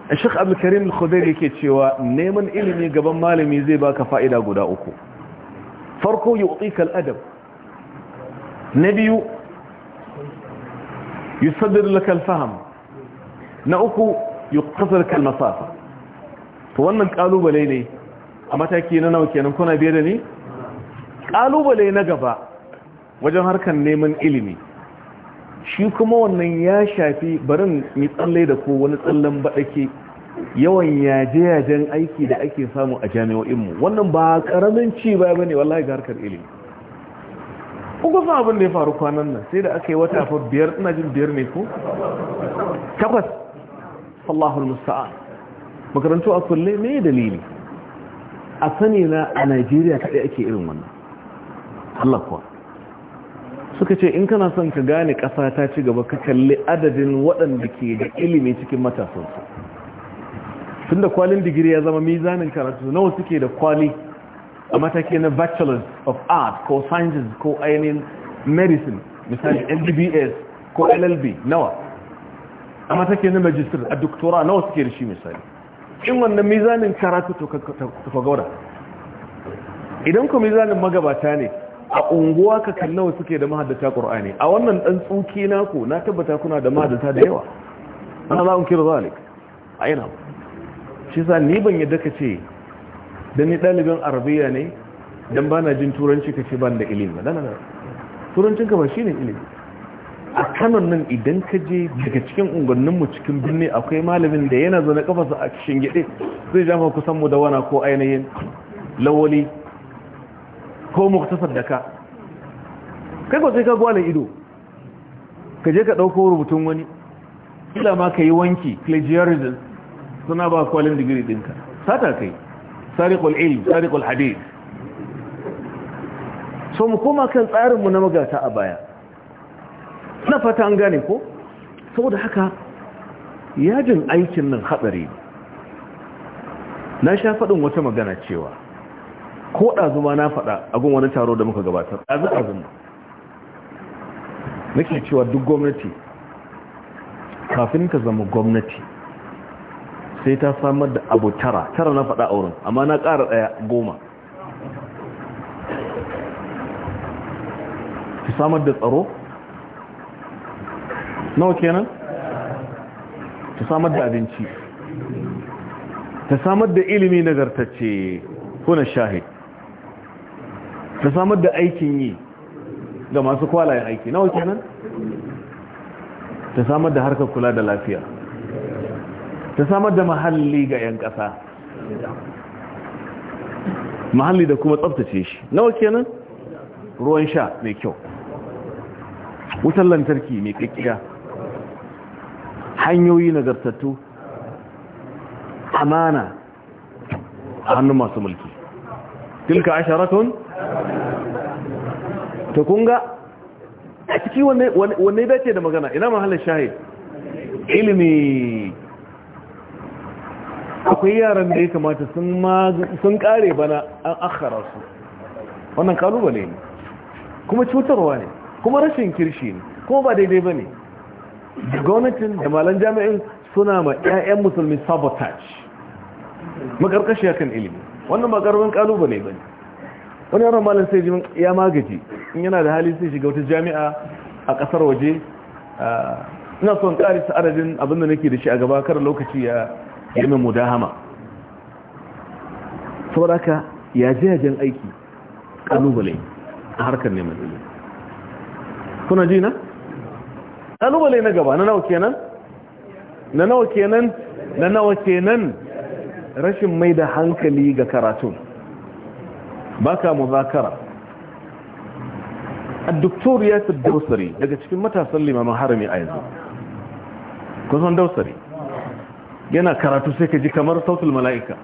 a shek abdulkarim al-khudair yake cewa neman ilimi gaban malami zai baka fa'ida guda uku farko yu'tika al-adab na biyu yusaddir laka al-fahm na uku yuqtasar kal masafa to wannan kalubale ne a mataki na nawa kenan kuna biye da ni kalubale na gaba wajen harkar neman ilimi shi kuma wannan ya shafi barin mi tsalle da ko wani tsallen baɗake yawan yaje-yajen aiki da ake samu a jami'o'in mu. wannan ba karamin ci ba bane wallahi ga harkar ilimi kuka sa abin da ya faru kwanan nan sai da aka yi wata fa biyar ina jin biyar ne ko takwas Allahul musta'an makarantu a kulle ne dalili a sani na a Najeriya kaɗai ake irin wannan Allah kuwa suka ce in kana son ka gane ƙasa ta ci gaba ka kalli adadin waɗanda ke da ilimi cikin matasansu tun da kwalin digiri ya zama mizanin karatu nawa suke da kwali a mataki na bachelors of art ko sciences ko ainihin medicine misali lbbs ko llb nawa amma take na majistar a doktora nawa suke da shi misali in wannan mizanin karatu ta fagauda idan ku mizanin magabata ne a unguwa ka kallawa suke da mahaddata ƙur'ani a wannan ɗan tsuki ku na tabbata kuna da mahadata da yawa ana za a kira zalik a yana shi sa ni ban yadda ka ce da ni ɗalibin arabiya ne don ba na jin turanci ka ce ban da ilimi turancinka ba shi ne ilimi a kanon nan idan ka je daga cikin unguwanninmu cikin birni akwai malamin da yana zaune kafasa a cikin shingide zai jama kusan mu da wana ko ainihin lawali ko muktasar da ka kai ko sai ka gwalin ido ka je ka ɗauko rubutun wani ila ma ka yi wanki plagiarism suna ba kwalin digiri ɗinka sata kai sariƙul ilm sariƙul hadith so mu koma kan tsarinmu na magata a baya na fata an gane ko saboda haka yajin aikin nan hatsari na sha faɗin wata magana cewa ko ɗazuma na faɗa agun wani taro da muka gabatar ɗazu-ɗazuma nake cewa duk gwamnati kafin ka zama gwamnati sai ta samar da abu tara tara na faɗa auren amma na ƙara ɗaya goma ta samar da tsaro nawa kenan ta samar da abinci ta samar da ilimi nagartacce kuna shahi ta samar da aikin yi ga masu kwalayen aiki nawa kenan ta samar da harkar kula da lafiya ta samar da mahalli ga 'yan ƙasa mahalli da kuma tsabtace shi nawa kenan ruwan sha mai kyau wutar lantarki mai kakkiya hanyoyi nagartattu amana a hannun masu mulki tilka asharatun ta kunga a ciki wanne ke da magana ina mahallar shahid ilimi akwai yaran da ya kamata sun kare bana an akhara su wannan kalubale ne kuma cutarwa ne kuma rashin kirshi ne kuma ba daidai ba ne gwamnatin da malan jami'in suna ma 'ya'yan musulmi sabotage ya kan ilimi wannan ba karbin kalubale ba ne wani yaron malam sai ya magaji in yana da hali sai shiga wata jami'a a kasar waje ah, ina son kari adadin abin da nake da shi a gaba kar lokaci ya yi min mudahama sauraka ya ya jan aiki kalubale a harkar neman ilimi kuna ji na? kalubale na gaba na nawa kenan na nawa kenan na nawa kenan rashin mai da hankali ga karatu baka muzakara ya ياسر دوسري daga cikin matasan limamin harami a yanzu kusan dausari yana karatu sai ka ji kamar sautul mala'ika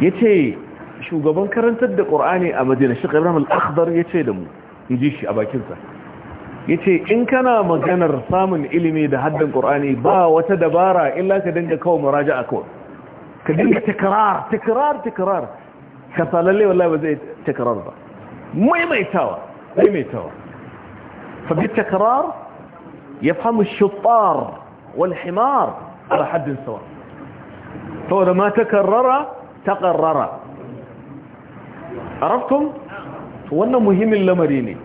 ya ce shugaban karantar da ƙorani a madina shi ƙabiram al'akhdar ya ce da mu in ji shi a bakinsa ya ce in kana maganar samun ilimi da haddin ƙorani ba wata dabara illa ka dinga kawo maraja a kawai ka dinga tikirar tikirar tikirar ka salalle wallahi ba zai tikirar ba maimaitawa maimaitawa fabi tikirar ya famu shutar wal himar a haddin sawa saboda ma ta karrara ta karrara to wannan muhimmin lamari ne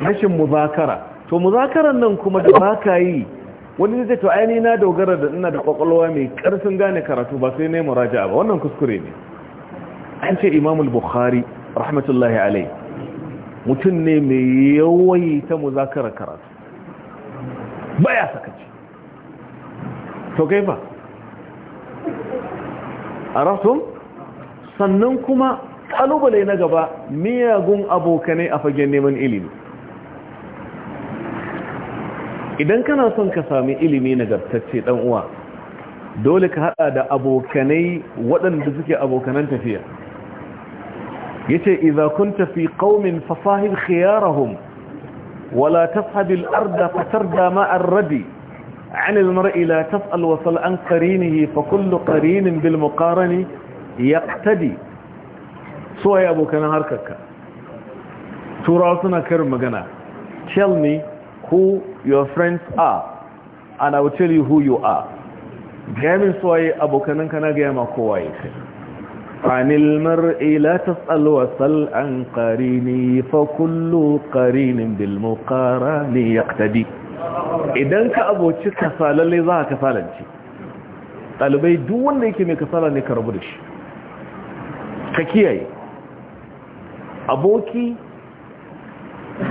rashin muzakara to muzakaran nan kuma da baka yi wani zai to aini na dogara da ina da kwakwalwa mai karfin gane karatu ba sai nayi muraja'a ba wannan kuskure ne an ce Imam al-Bukhari rahmatullahi alayhi mutum ne mai ta muzakarar karatu baya sakaci to kai ba arafum sannan kuma kalubale na gaba miyagun abokanai a fagen neman ilimi idan kana son ka sami ilimi nagartacce dan uwa dole ka hada da abokanai waɗanda suke abokanan tafiya yace idza kunta fi qaumin fasahib khiyarahum wala tashhab arda ard fatarda ma ar-radi عن المرء لا تسأل وصل عن قرينه فكل قرين بالمقارن يقتدي so ya abokan harkarka turawa suna karin magana tell me who your friends are and I will tell you who you are gamin suwaye ka na ga ma kowa ya kai عن المرء لا تسأل وسل عن قريني فكل قرين بالمقارن yaqtadi idan ka aboci kasalalle za ka kasalance ɗalibai duk wanda yake mai kasala ne ka rabu da shi ka kiyaye aboki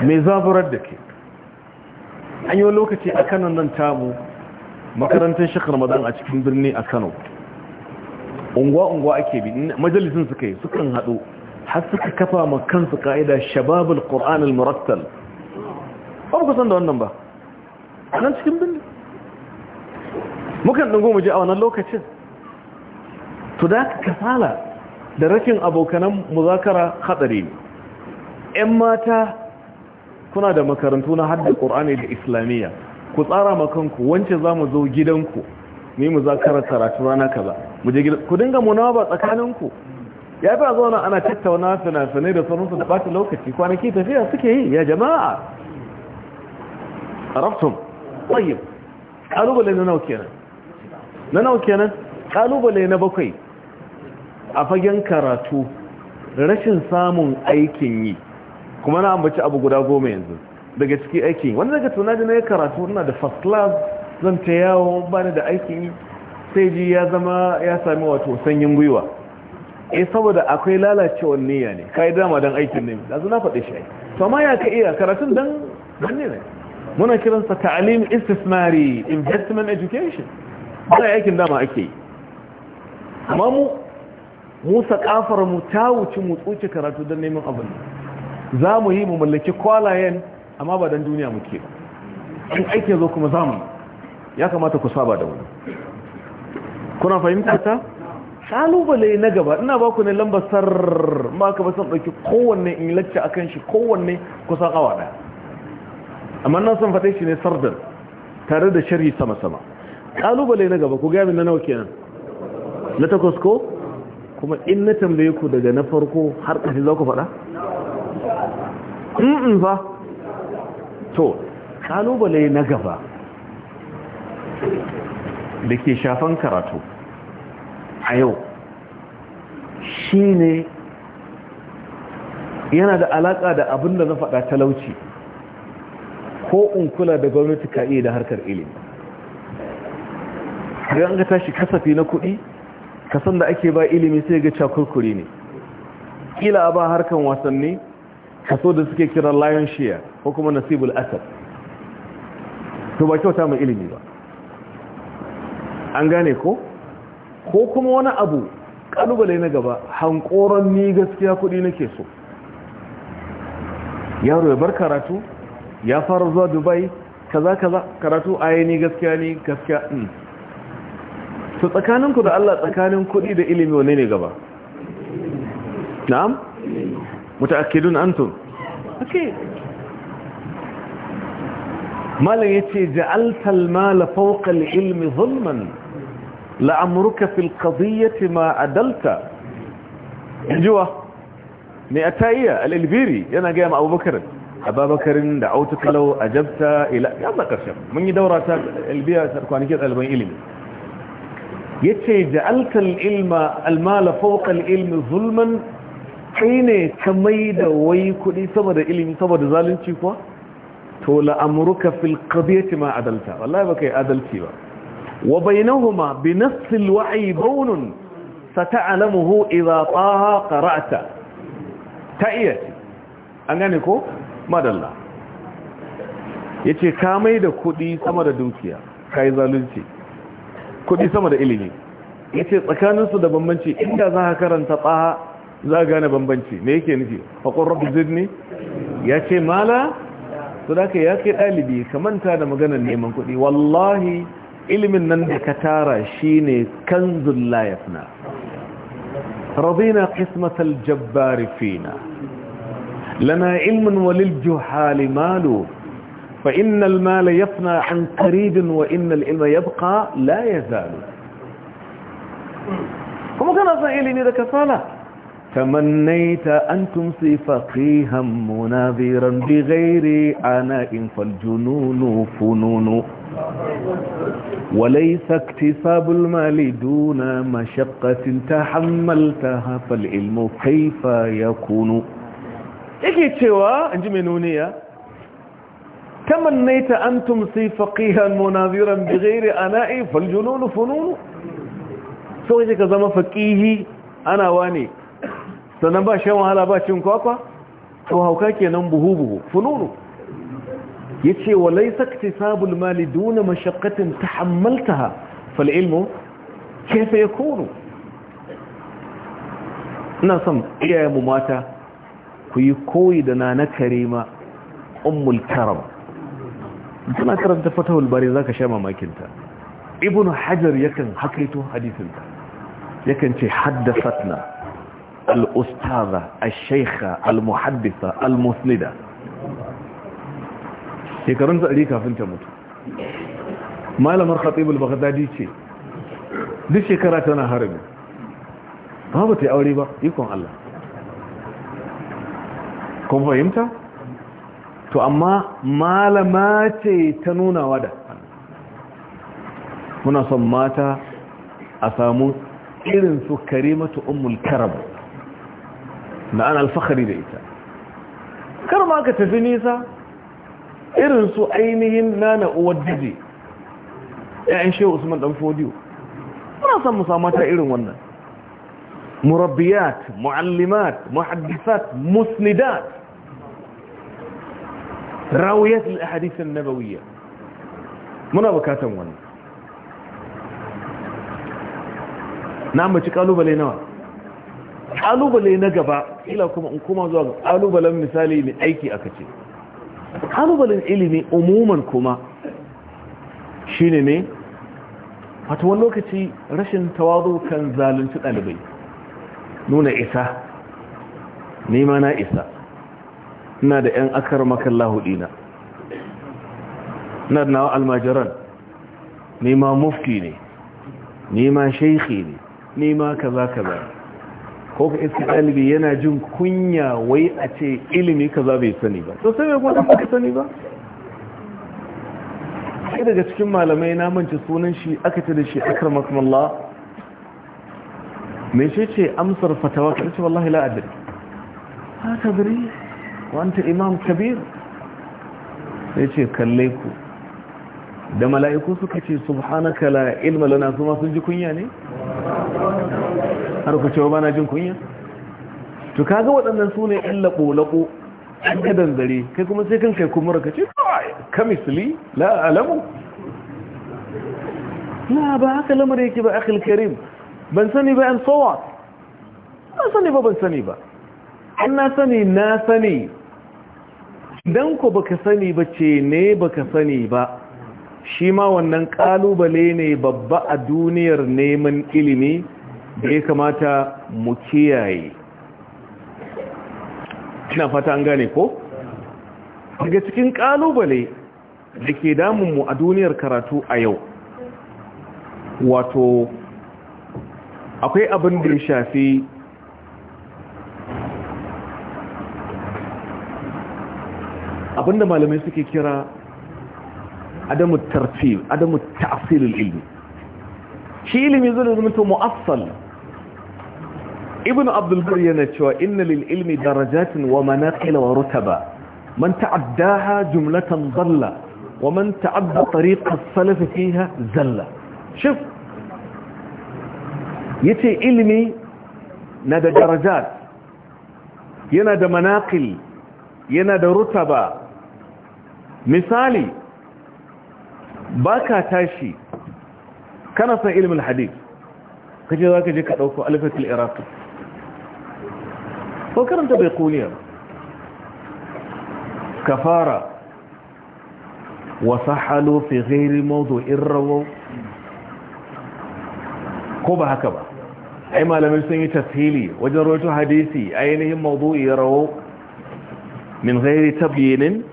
mai zaburar da ke an yi lokaci a kanan nan tamu makarantar shekar madan a cikin birni a kano unguwa-unguwa ake bi majalisun suka yi sukan haɗu har suka kafa ma kansu ka'ida shababul ƙoran al-murattal ba ku san da wannan ba a nan cikin birni mukan ɗango mu a wannan lokacin to da kasala da rashin abokanan muzakara haɗari ne 'yan mata kuna da makarantu na hadda ƙorani da islamiyya ku tsara makanku wance za mu zo gidanku ne mu za kara karatu rana kaza mu je ku dinga ba tsakaninku ya fi a zauna ana tattauna fina da sauransu da ɓata lokaci kwanaki tafiya suke yi ya jama'a raftun tsayin ƙalubale na nau kenan na nau kenan ƙalubale na bakwai a fagen karatu rashin samun aikin yi kuma na ambaci abu guda goma yanzu daga ciki aiki wanda daga tuna da na ya karatu na da first class zan ta yawo ba da aikin sai ji ya zama ya sami wato sanyin gwiwa eh saboda akwai lalacewar niyya ne kai dama dan aikin ne yanzu na faɗi shi to amma ya ka iya karatun dan ganne ne muna kiransa ta'alim istismari investment education ba aikin dama ake yi amma mu mu sakafar mu ta wuce mu tsuce karatu don neman abin za mu yi mu mallaki kwalayen amma ba don duniya muke ba in aiki zo kuma zamu. ya kamata ku saba da wani kuna fahimta ta kalubale na gaba ina ba ku ne lambar sarrrr ma ka ba san ɗauki kowanne in lacce akan shi kowanne kusan awa ɗaya amma nan san faɗe shi ne sardar tare da shari sama-sama kalubale na gaba ku gami na nawa kenan na takwas ko kuma in na tambaye ku daga na farko har ƙashi za ku faɗa in ba to kalubale na gaba da ke shafan karatu a yau shi ne yana da alaƙa da abin da na faɗa talauci ko in kula da gwamnati ka iya da harkar ilimi an ga tashi kasafi na kuɗi kasan da ake ba ilimi sai ga cakurkuri ne kila ba harkar wasanni kaso da suke kira lion share ko kuma nasibul asad to ba kyauta mai ilimi ba an gane ko ko kuma wani abu kalubale na gaba hankoron ni gaskiya kudi nake so yaro ya bar karatu ya fara zuwa dubai kaza kaza karatu aye ni gaskiya ni gaskiya in mm. to tsakaninku da Allah tsakanin kudi da ilimi wane ne gaba na'am متأكدون أنتم أكيد مالا يتي جعلت المال فوق العلم ظلما لأمرك في القضية ما أدلت جوا مئتائية الإلبيري أنا قام أبو بكر أبا بكر دعوتك لو أجبت إلى يلا كشف من دورة البيئة تركوانيكية ألبين إلمي يتي جعلت العلم المال فوق العلم ظلما kai ne ka mai da wai kuɗi saboda ilimi saboda zalunci kuwa to la'amuruka fil qadiyati ma adalta wallahi baka yi adalci ba wa bainahuma bi nafs al wa'i bawnun sata'lamuhu idha taha qara'ta ta'iyati an gane ko madalla yace ka mai da kuɗi sama da dukiya kai zalunci kuɗi sama da ilimi yace tsakaninsu da bambanci inda za ka karanta taha za a gane bambanci me yake nufi faƙon rabbi zidni ya ce mala su da ya ke ɗalibi ka manta da maganar neman kuɗi wallahi ilimin nan da ka tara shi ne kan zulla ya fina radina jabbari fina lana ilmin walil juhali malu fa innal mala yafna an karibin wa innal ilma yabqa la kuma kana san ilimi da kasala تمنيت أن تمسي فقيها مناظرا بغير عناء فالجنون فنون وليس اكتساب المال دون مشقة تحملتها فالعلم كيف يكون yake cewa in ji menuniya tamannaita an tumsi faqihan munaziran bighairi ana'i faljunun funun so yake ka zama faqihi ana wane sannan ba shan wahala ba cin kwakwa to hauka kenan buhu buhu fununu yace wa laysa iktisabul mali duna mashaqqatin tahammaltaha fal ilmu kayfa yakunu ina son iyayen mu mata ku yi koyi da nana karima ummul karam tana karanta fatahul bari zaka sha mamakin ta ibnu hajar yakan hakaito hadisin ta yakan ce haddathatna al'ustaza al-shaikha al-muhaddisa al-muslida shekarun tsari kafin ta mutu malamar khatibul baghdadi ce duk shekara tana harami ba ta yi aure ba ikon Allah kun fahimta? to amma malama ce ta nunawa da. muna son mata a samu irin su karimatu ummul karab da an alfahari da ita kar ma ka tafi nisa irin su ainihin nana uwar dije ‘ya'yan shehu usman dan fodiyo muna son mu samu irin wannan murabbiyat mu'allimat muhaddisat musnidat rawiyat al-ahadith nabawiyya muna bukatan wannan na mace kalubale nawa kalubale na gaba ila kuma in kuma zuwa ga kalubalen misali ne aiki aka ce kalubalen ilimi umuman kuma shine ne wata wani lokaci rashin tawazo kan zalunci ɗalibai nuna isa nema na isa ina da 'yan akar makallahu ɗina ina da nawa almajiran nema mufti ne nema shaikhi ne nema kaza kaza ko ka iska ɗalibi yana jin kunya wai a ce ilimi ka za bai sani ba to sai mai kuma ba sani ba sai daga cikin malamai na manci sunan shi aka ce da shi akar makamallah mai shi ce amsar fatawa ka ce wallahi la'adari ha ta biri wanta imam kabir sai ce kalle ku da mala'iku suka ce subhanaka la ilma lana su ma sun ji kunya ne har ku cewa bana jin kunya to kaga waɗannan sune ne ƴan laɓo-laɓo an ka danzare kai kuma sai kan kai kuma ka ce ka la alamu la ba haka lamar yake ba akhil karim ban sani ba an sawa ba sani ba ban sani ba an na sani na sani Dan ku baka sani ba ce ne baka sani ba shi ma wannan kalubale ne babba a duniyar neman ilimi da ya kamata mu kiyaye ina fata an gane ko daga cikin kalubale da ke mu a duniyar karatu a yau wato akwai abin da ya shafi da malamai suke kira adamu tartib adamu ilmi shi ilimi zai zama to mu'assal ibn abdul bar yana cewa inna lil ilmi darajatin wa manaqil wa rutaba man ta'addaha jumlatan dalla wa man ta'adda tariq as-salaf fiha zalla shuf yace ilmi na da darajat yana da manaqil yana da rutaba misali baka tashi kana san ilmin hadith kaje zaka je ka dauko alfatul iraqi ko karanta bai kuliya ba kafara wasu halo fi ghairi mawdu irrawo ko ba haka ba ai malamai sun yi tafhili wajen roto hadisi ainihin mawdu'i rawo min ghairi tabyinin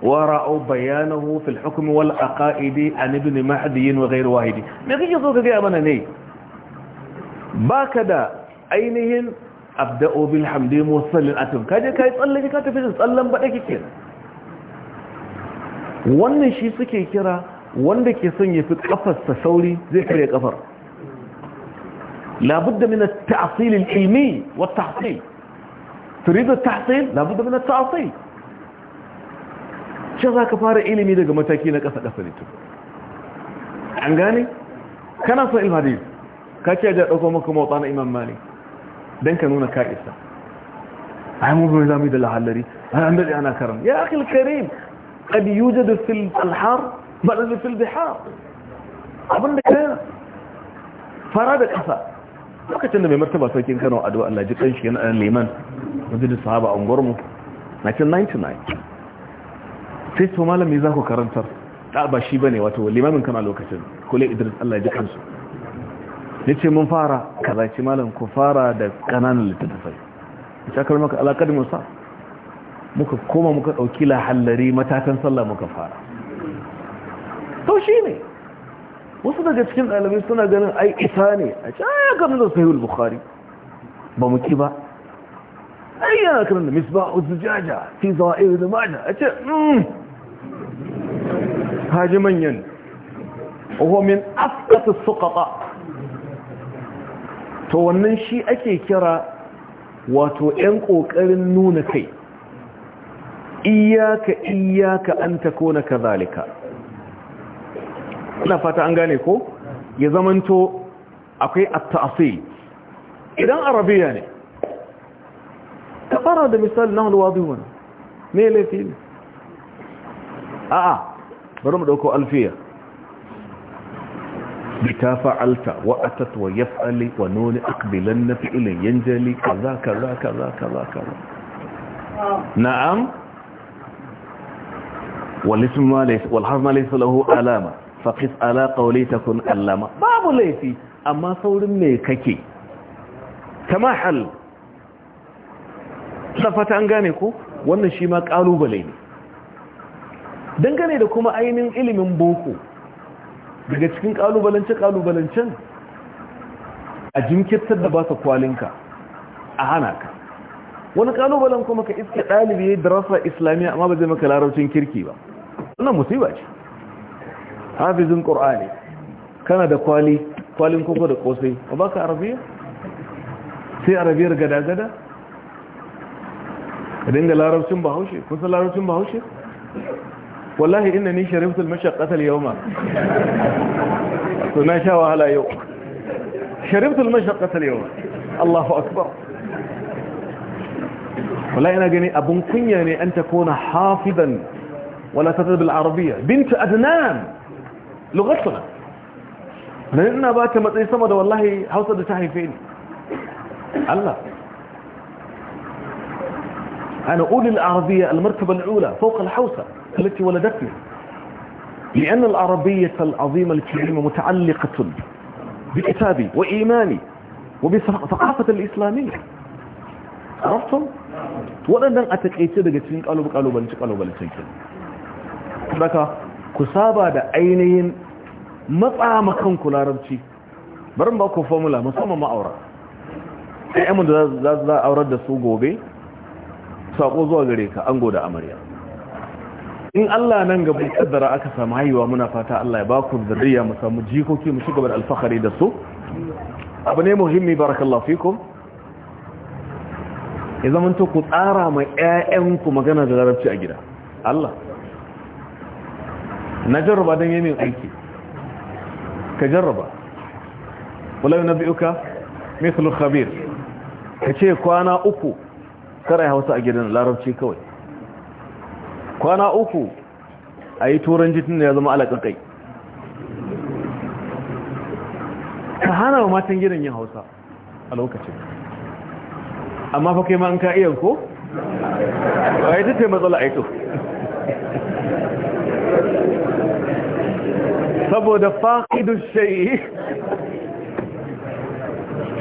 ورأوا بيانه في الحكم والأقائد عن ابن مهدي وغير واحد ما يجي يقول كده أبنا ني باكدا أينهن abda'u bil hamdi musallin atum kaje kai tsalle ka tafi da tsallan bada kike wannan shi suke kira wanda ke son ya fi kafarsa sauri zai kare kafar labudda min at-ta'sil al-ilmi wa at-tahsil turid at-tahsil labudda min at-ta'sil za ka fara ilimi daga mataki na kasa kasa ne to an gane kana son ilmi hadith kake da dauko maka mawta na imam malik don ka nuna ka isa ai mu bai zamu da lahallari an dade ana karam ya akhi alkarim qad da fil alhar da fil bihar abinda ka fara da ƙasa. lokacin da mai martaba sarkin Kano addu'a Allah ji kanshi yana eh, liman wajen sahaba an gormu 1999 sai to malami za ku karantar da ba shi bane wato limamin kana lokacin kule Idris Allah kansu ya ce mun fara kazaci malam ku fara da ƙananan littattafai A maka alaƙar musa muka koma muka ɗauki lahallari matakan sallah muka fara to shi ne wasu daga cikin ɗalibai suna ganin ai isa ne a ce ya gami da sahihul bukhari ba mu ki ba ai yana karin da misba jaja. fi zawa'ir da maja a ce hmm. haji manyan وهو من أفقة to wannan shi ake kira wato 'yan ƙoƙarin nuna kai iyaka iyaka an ta kona ka zalika ina fata an gane ko ya zamanto akwai at idan arabiya ne ta fara da misali na wadu wani me laifi ne a'a bari mu dauko alfiya bita fa'alta wa atat wa yaf'ali wa nuni aqbilan na fi'ilin yanjali kaza kaza kaza kaza kaza na'am wal hazma laysa lahu alama faqis ala qawli takun allama babu laifi amma saurin me kake Ta tamahal safata an gane ku? wannan shi ma ƙalubale ne dangane da kuma ainihin ilimin boko daga cikin kalubalance-kalubalancen a jinkirtar da ba su kwalinka a hana ka wani kalubalan kuma ka iske dalibi ya darasa islamiyya amma ba zai maka larabcin kirki ba wannan musiba ce hafizin ƙor'ani kana da kwali kwalin koko da kosai ba ba ka arabiya sai arabiyar gada-gada ka dinga larabcin bahaushe kusa larabcin bahaushe والله إنني شربت المشقة اليوم (laughs) ما شاوها لا يوم شرفت المشقة اليوم الله أكبر والله أنا قلني أبنقيني يعني أن تكون حافظا ولا تتذب العربية بنت أدنان لغتنا لأننا باك مطلئ صمد والله حوصد تحيفين الله أنا أولي العربية المركبة الأولى فوق الحوصة التي ولدتني لأن العربية العظيمة الكريمة waɗannan a taƙaice daga cikin ƙalubalancin kenan daga ku saba da ainihin matsa makan ku larabci barin ba ku formula musamman ma'aura ɗayyamin da za aurar da su gobe saƙo zuwa gare ka ango da amarya in Allah nan gaba kaddara aka samu haihuwa muna fata Allah ya ba ku zuriya mu samu jikoki mu shiga bar alfahari da su abu ne muhimmi barakallahu fikum ya zaman to ku tsara mai ƴaƴan ku magana da larabci a gida Allah na jarraba dan yayin aiki ka jarraba wala yunabbiuka mithlu khabir kace kwana uku kare Hausa a gidan larabci kawai kwana uku a yi turan jitin da ya zama alaƙaƙai ka hana wa matan gidan yin hausa a lokacin amma fa kai ma an ka iya ko? a yi tattai matsala a ito saboda faƙidun shayi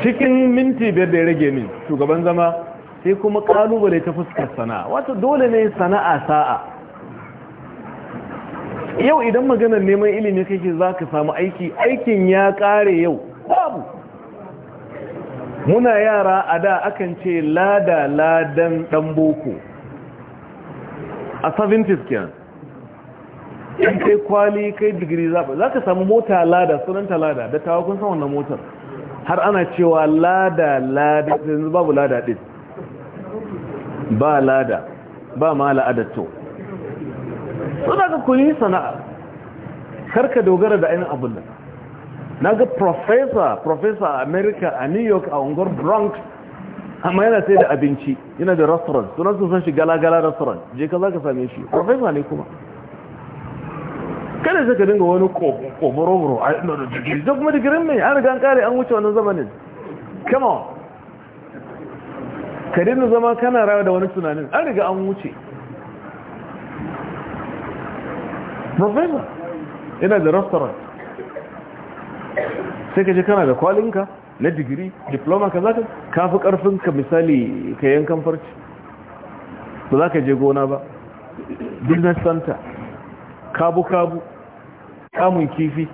cikin minti biyar da ya rage min shugaban zama sai kuma kalubale ta fuskar sana'a wato dole ne sana'a sa'a yau idan maganar neman ilimi kake za ka samu aiki aikin ya kare yau babu muna yara a da akan ce lada ladan dan boko a 70s kyan in kai kwali kai digiri za ka samu mota lada sunanta lada da tawakun kun san wannan motar har ana cewa lada lada yanzu babu lada din ba lada ba ma la'adatto so daga kuni yi sana'a karka dogara da ainihin abin da na ga professor professor a america a new york a unguwar bronx amma yana sai da abinci yana da restaurant suna sun san shi gala-gala restaurant je ka za ka same shi professor ne kuma kada saka dinga wani kobo wuro a kuma digirin mai an riga an kare an wuce wannan zamanin come on ka daina zama kana rawa da wani tunanin an riga an wuce professor yana da restaurant sai ka je kana da kwalinka na digiri diploma ka zaka kafi karfinka misali ka yankan farci ba za ka je gona ba business center kabu-kabu kamun kifi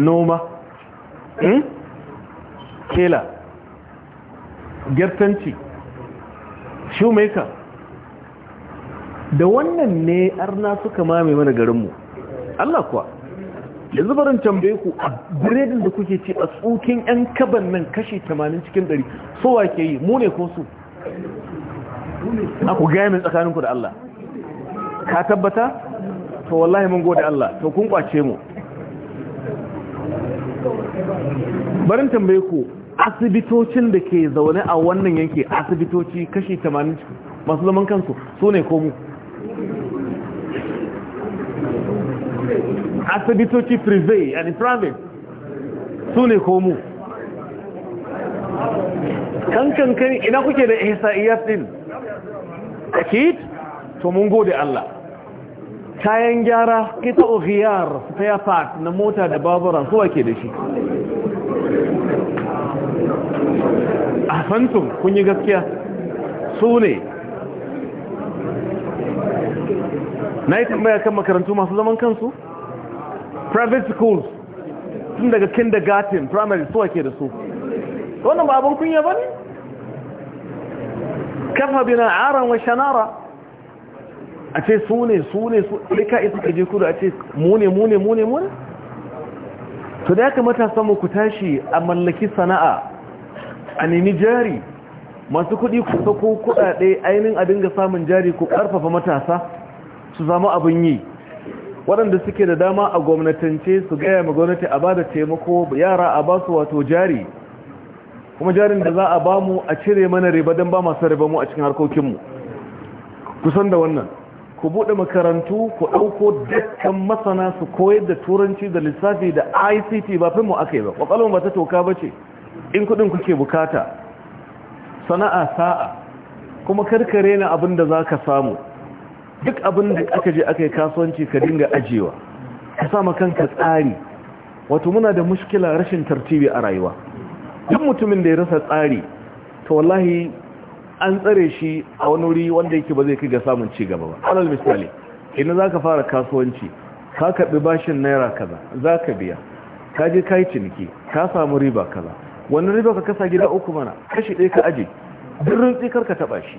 noma kela hmm? gertanci shoemaker da wannan ne arna suka mame mana garinmu Allah kuwa yanzu barin tambaye ku a biredin da kuke ci a tsukin 'yan kaban nan kashe 80 cikin 100 so wake yi mu ne ko su a ku gaya tsakaninku da Allah ka tabbata to wallahi mun gode Allah to kun kwace mu barin tambaye ku asibitocin da ke zaune a wannan yanki asibitoci kashi 80 masu zaman kansu su ne komu asibitoci prive yani private su ne komu Kan kan ina kuke da ihsa'iyat din akid to mun gode Allah kayan gyara kita su ta yafa na mota da babura su wake da shi ahsantum kun yi gaskiya su ne na yi tambaya kan makarantu masu zaman kansu private schools tun daga kindergarten primary suwa ke da su wannan ba abin kunya ba ne kafa bina aran wa shanara a ce su ne su ne su ɗika isa ka je kudu a ce mune mune mune mune to da ya kamata samu ku tashi a mallaki sana'a a nemi jari masu kuɗi ku sako kuɗaɗe ainihin a dinga samun jari ku karfafa matasa su zama abin yi waɗanda suke da dama a gwamnatance su gaya ma gwamnati a ba da taimako yara a ba su wato jari kuma jarin da za a ba mu a cire mana riba don ba masu riba mu a cikin harkokinmu kusan da wannan ku buɗe makarantu ku ɗauko dukkan masana su koyar da turanci da lissafi da ict ba fi mu aka yi ba ƙwaƙwalwa ba ta toka ba ce in kudin kuke bukata sana'a sa'a kuma karkare na abin da za ka samu duk abinda aka je aka yi kasuwanci ka dinga ajiyewa ka sama kanka tsari wato muna da mushkila rashin tartibi a rayuwa duk mutumin da ya rasa tsari to wallahi an tsare shi a wani wuri wanda yake ba zai kai ga samun ci gaba ba alal misali za zaka fara kasuwanci ka kaɓi bashin naira kaza zaka biya ka je kai ciniki ka samu riba kaza wani riba ka kasa gida uku mana kashi ɗaya ka aje duk rintsi kar ka taɓa shi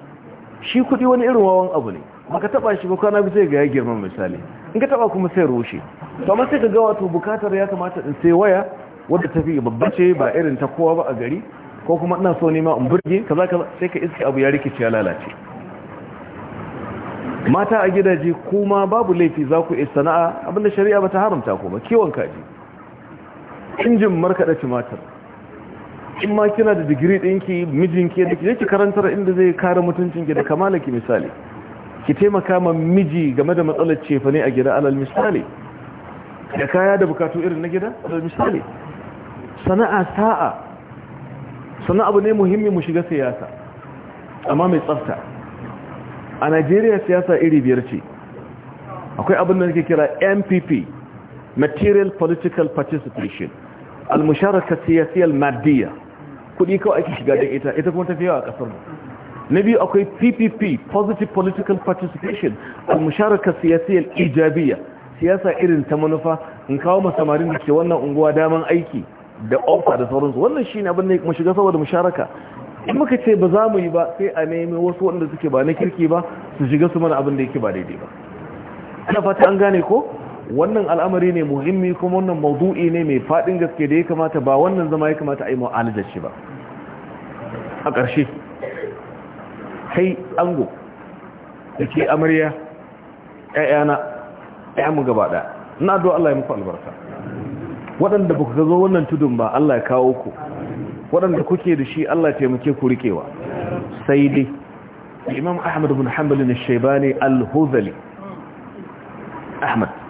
shi kuɗi wani irin wawan abu ne Ba ka taɓa shi ba kwana sai ga ya girma misali in ka taɓa kuma sai rushe to amma sai ka ga wato bukatar ya kamata in sai waya wadda ta fi babba ce ba irin ta kowa ba a gari ko kuma ina so nema in burge kaza kaza sai ka iske abu ya rikice ya lalace mata a gidaje kuma babu laifi za ku yi sana'a abinda shari'a ba ta haramta ku ba kiwon kaji injin markaɗa tumatir in ma kina da digiri ɗinki mijinki da ki ki karantar inda zai kare mutuncinki da kamalaki misali ki taimaka ma miji game da matsalar cefane a gida alal misali da kaya da bukatu irin na gida alal misali sana'a sa'a sana abu ne muhimmi mu shiga siyasa amma mai tsafta a Najeriya siyasa iri biyar ce akwai abin da nake kira MPP material political participation al-musharaka siyasiyar madiyar kuɗi kawai ake shiga da ita ita kuma tafiya a ƙasar na biyu akwai ppp positive political participation a musharaka siyasiyar ijabiya siyasa irin ta manufa in kawo masamarin da ke wannan unguwa daman aiki da ofa da sauransu wannan shi ne abin da shiga saboda musharaka in muka ce ba za mu yi ba sai a nemi wasu waɗanda suke ba na kirki ba su shiga su mana abin da yake ba daidai ba ana fata an gane ko wannan al'amari ne muhimmi kuma wannan maudu'i ne mai faɗin gaske da ya kamata ba wannan zama ya kamata a yi mu'alajar shi ba a ƙarshe kai ango da ke amarya ‘ya'yana ‘ya'yanmu gaba ɗaya na do Allah ya muku albarka waɗanda ba ku zo wannan tudun ba Allah ya kawo ku waɗanda kuke da shi Allah ya taimake ku riƙewa sai dai imam ahmad bin hanbal na shaibani al-huzali ahmad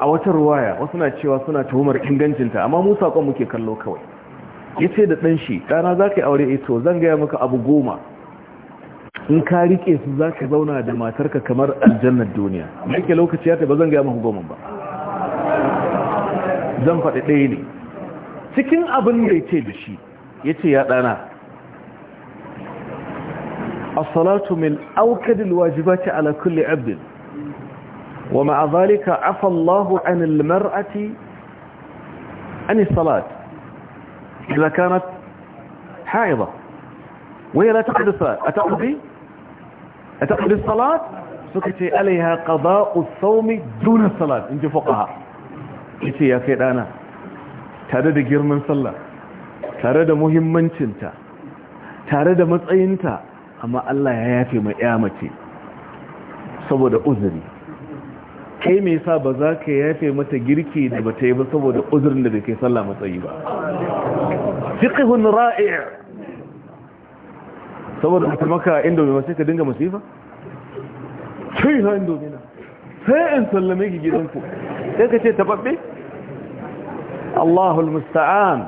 a wata ruwaya wasu na cewa suna tuhumar ingancinta amma mu kwan muke kallo kawai Ya ce da ɗan shi "ɗana za ka yi aure ito, eh zan gaya maka abu goma in ka rike su za ka zauna da matarka kamar aljannar duniya yake lokaci ya ta zan gaya maka goma ba zan faɗi ɗaya ne cikin abin da ya ce da shi ya ce ya ɗana. A salatu min aukadin wajibaci ala kulle 'abdin ومع ذلك عفى الله عن المرأة عن الصلاة إذا كانت حائضة وهي لا تقضي الصلاة أتقضي أتقضي الصلاة سكت عليها قضاء الصوم دون الصلاة انت فقهاء انت يا كيدانا tare da girman sallah tare مهم muhimmancinta tare da matsayinta amma Allah ya yafe mai ya mace saboda kai mai sa ba za ka yafe mata girki da ba ta yi ba saboda uzurin da ke sallah matsayi ba fiqhun ra'i' saboda ka maka indomi ba sai ka dinga masifa Sai na indomi na sai in sallame ki gidanku sai ka ce tababbe Allahul musta'an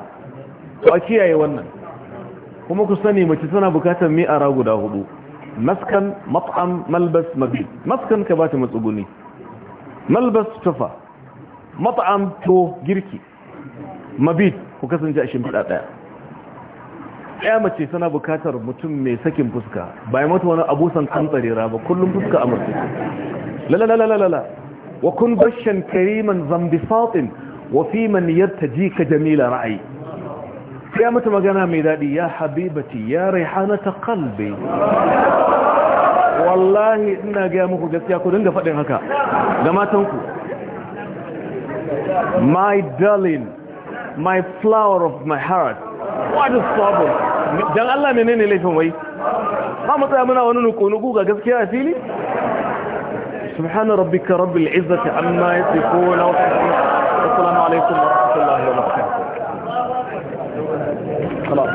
to a kiyaye wannan kuma ku sani mace tana bukatar mi'ara guda hudu maskan mat'am malbas mabit maskan ka ba ta matsuguni malbas tufa mat'am to girki mabit ku kasance a shimfiɗa ɗaya ya mace sana bukatar mutum mai sakin fuska bai mata wani abusan kantsarera ba kullum fuska a murfi lalalalala wa kun bashan kariman zambi fatin wa fi man ji ka jamila ra'ayi ya mata magana mai daɗi ya habibati ya raihana ta kalbe wallahi ina gaya muku gaskiya ku dinga faɗin haka ga matanku my darling my flower of my heart what is problem dan Allah menene laifin wai ba mu tsaya muna wani nuku-nuku ga gaskiya a fili subhana rabbika rabbil izzati amma yasifuna wa assalamu alaikum wa rahmatullahi wa barakatuh خلاص